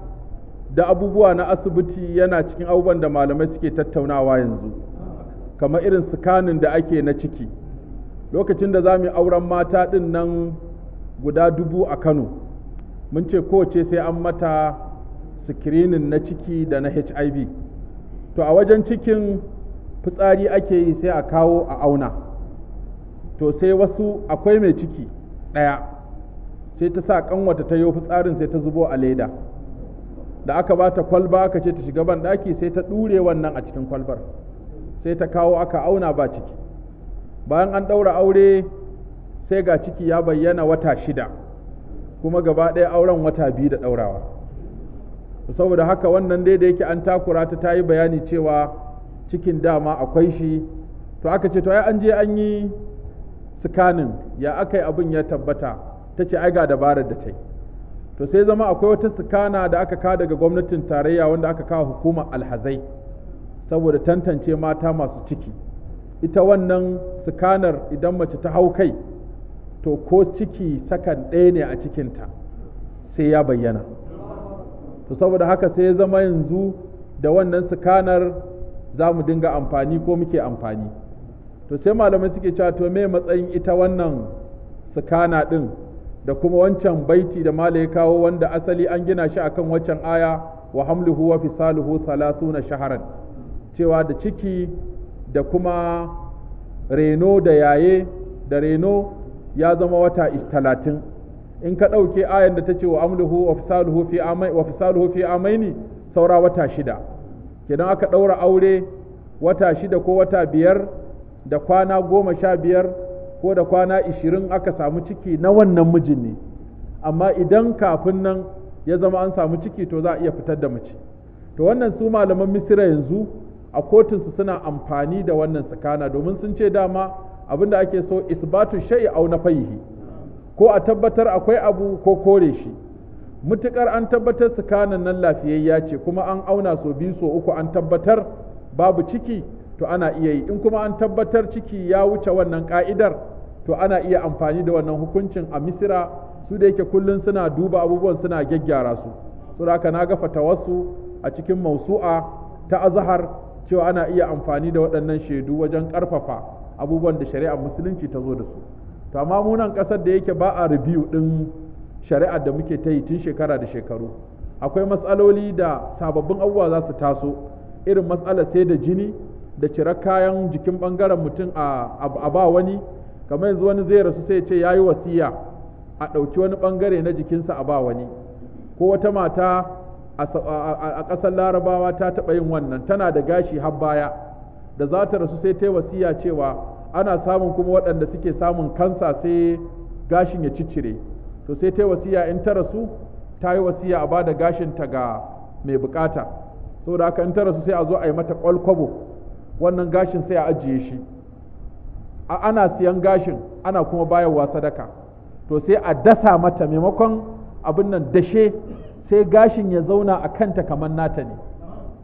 da abubuwa na asibiti yana cikin abubuwan da malamai suke tattaunawa yanzu kamar irin sikanin da ake na ciki lokacin da za mu auren mata ɗin nan guda dubu a kano mun ce kowace sai an mata sikirinin na ciki da na hiv to a wajen cikin fitsari ake yi sai a kawo a auna to sai wasu akwai mai ciki ɗaya sai ta sa kanwata ta yi fitsarin sai ta zubo a leda da aka ba ta kwalba aka ce ta shiga banɗaki sai ta ɗure wannan a cikin kwalbar sai ta kawo aka auna ba ciki bayan an ɗaura aure sai ga ciki ya bayyana wata shida kuma gaba ɗaya auren wata biyu da ɗaurawa saboda haka wannan dai da yake an takura ta ta yi bayani cewa cikin dama akwai shi to aka ce to ai an je an yi sikanin ya aka yi abin ya tabbata ta ce ai ga dabarar da ta yi to sai zama akwai wata sukana da aka ka daga gwamnatin tarayya wanda aka kawo hukumar alhazai saboda tantance mata masu ciki ita wannan sukanar idan mace ta hau kai to ko ciki sakan ɗaya ne a cikinta sai ya bayyana to saboda haka sai ya zama yanzu da wannan sukanar za mu dinga amfani ko muke amfani to sai malamai suke cewa to me matsayin ita wannan sukana ɗin da kuma wancan baiti da mala ya kawo wanda asali an gina shi akan waccan aya wa hamluhu wa fisaluhu salasuna shaharan cewa da ciki da kuma reno da yaye da reno ya zama wata talatin in ka ɗauke ayan da ta ce wa amluhu wa fisaluhu fi amai wa fisaluhu fi amaini saura wata shida kenan aka ɗaura aure wata shida ko wata biyar da kwana goma sha biyar ko da kwana 20 aka samu ciki na wannan mijin ne amma idan kafin nan ya zama an samu ciki to za a iya fitar da mace to wannan su malaman misira yanzu a kotunsu suna amfani da wannan tsakana domin sun ce dama abinda ake so isbatu shay'i aw nafayihi ko a tabbatar akwai abu ko kore shi mutukar an tabbatar tsakanin nan lafiyayya ce kuma an auna so biyu so uku an tabbatar babu ciki to ana iya yi in kuma an tabbatar ciki ya wuce wannan ka'idar to ana iya amfani da wannan hukuncin a misira su da yake kullum suna duba abubuwan suna gyaggyara su su da na ga fatawarsu a cikin mausu'a ta Azahar. cewa ana iya amfani da waɗannan shaidu wajen ƙarfafa abubuwan da shari'ar musulunci ta zo da su to amma munan ƙasar da yake ba a review ɗin shari'ar da muke ta yi tun shekara da shekaru akwai matsaloli da sababbin abubuwa za su taso irin matsalar sai da jini da cirar kayan jikin ɓangaren mutum a ba wani kamar yanzu wani zai rasu sai ce yi wasiya a ɗauki wani ɓangare na jikinsa a ba wani ko wata mata a ƙasar larabawa ta taɓa yin wannan tana da gashi har baya da za ta rasu sai ta yi wasiya cewa ana samun kuma waɗanda suke samun kansa sai gashin ya ciccire to sai ta yi wasiya in ta rasu ta yi wasiya a ba gashin gashinta ga mai bukata saboda haka in ta rasu sai a zo a yi mata kwalkwabo wannan gashin sai a ajiye shi ana siyan gashin ana kuma bayarwa sadaka to sai a dasa mata maimakon abin nan dashe sai gashin ya zauna a kanta kamar nata ne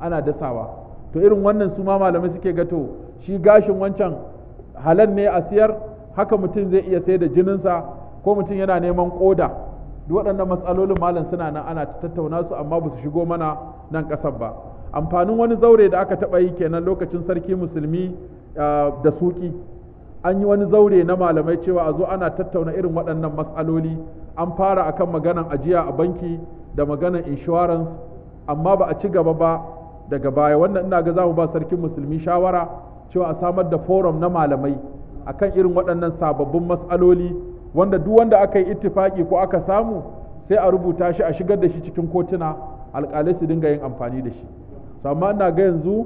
ana dasawa to irin wannan su ma malamai suke gato shi gashin wancan halal ne a siyar haka mutum zai iya sai da jininsa ko mutum yana neman koda duk waɗannan matsalolin malam suna nan ana tattauna su amma ba su shigo mana nan ƙasar ba amfanin wani zaure da aka taɓa yi kenan lokacin sarki musulmi ah, da suki an yi wani zaure na malamai cewa a zo ana tattauna irin waɗannan matsaloli an fara akan maganan ajiya a banki da maganan inshorans amma ba a ci gaba ba daga baya wannan ina ga zamu ba sarkin musulmi shawara cewa a samar da forum na malamai akan irin waɗannan sababbin matsaloli wanda duk wanda aka yi ittifaki ko aka samu sai a rubuta shi a shigar da shi cikin kotuna alƙalai su dinga yin amfani da shi amma ina ga yanzu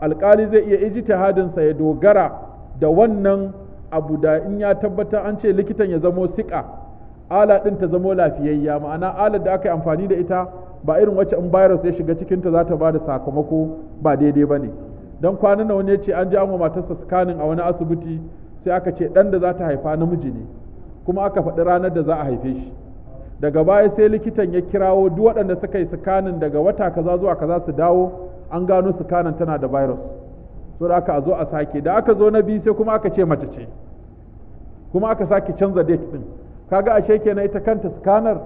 alƙali zai iya ijtihadinsa ya dogara da wannan abu da in ya tabbata an ce likitan ya zamo siƙa ala ɗin ta zamo lafiyayya ma'ana alar da aka yi amfani da ita ba irin wacce in virus ya shiga cikinta za ta ba da sakamako ba daidai ba ne don kwana na wani ya ce an ji amma matarsa sikanin a wani asibiti sai aka ce ɗan da za ta haifa namiji ne kuma aka faɗi ranar da za a haife shi daga baya sai likitan ya kirawo duk waɗanda suka yi scanning daga wata kaza zuwa kaza su dawo an gano sikanin tana da virus so da aka zo a sake da aka zo na biyu sai kuma aka ce mace ce kuma aka sake canza date din kaga ashe kenan ita kanta scanner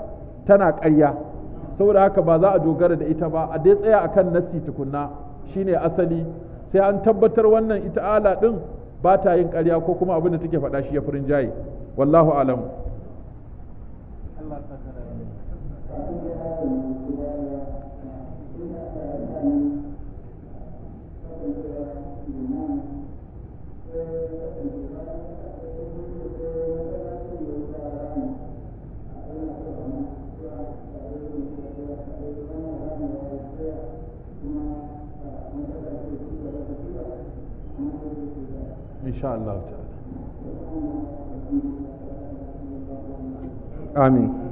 tana ƙarya saboda haka ba za a dogara da ita ba a dai tsaya akan nasi tukunna shine asali sai an tabbatar wannan ita ala din ba ta yin ƙarya ko kuma abin da take faɗa shi ya furin jaye wallahu alam you. inşallah. Amin.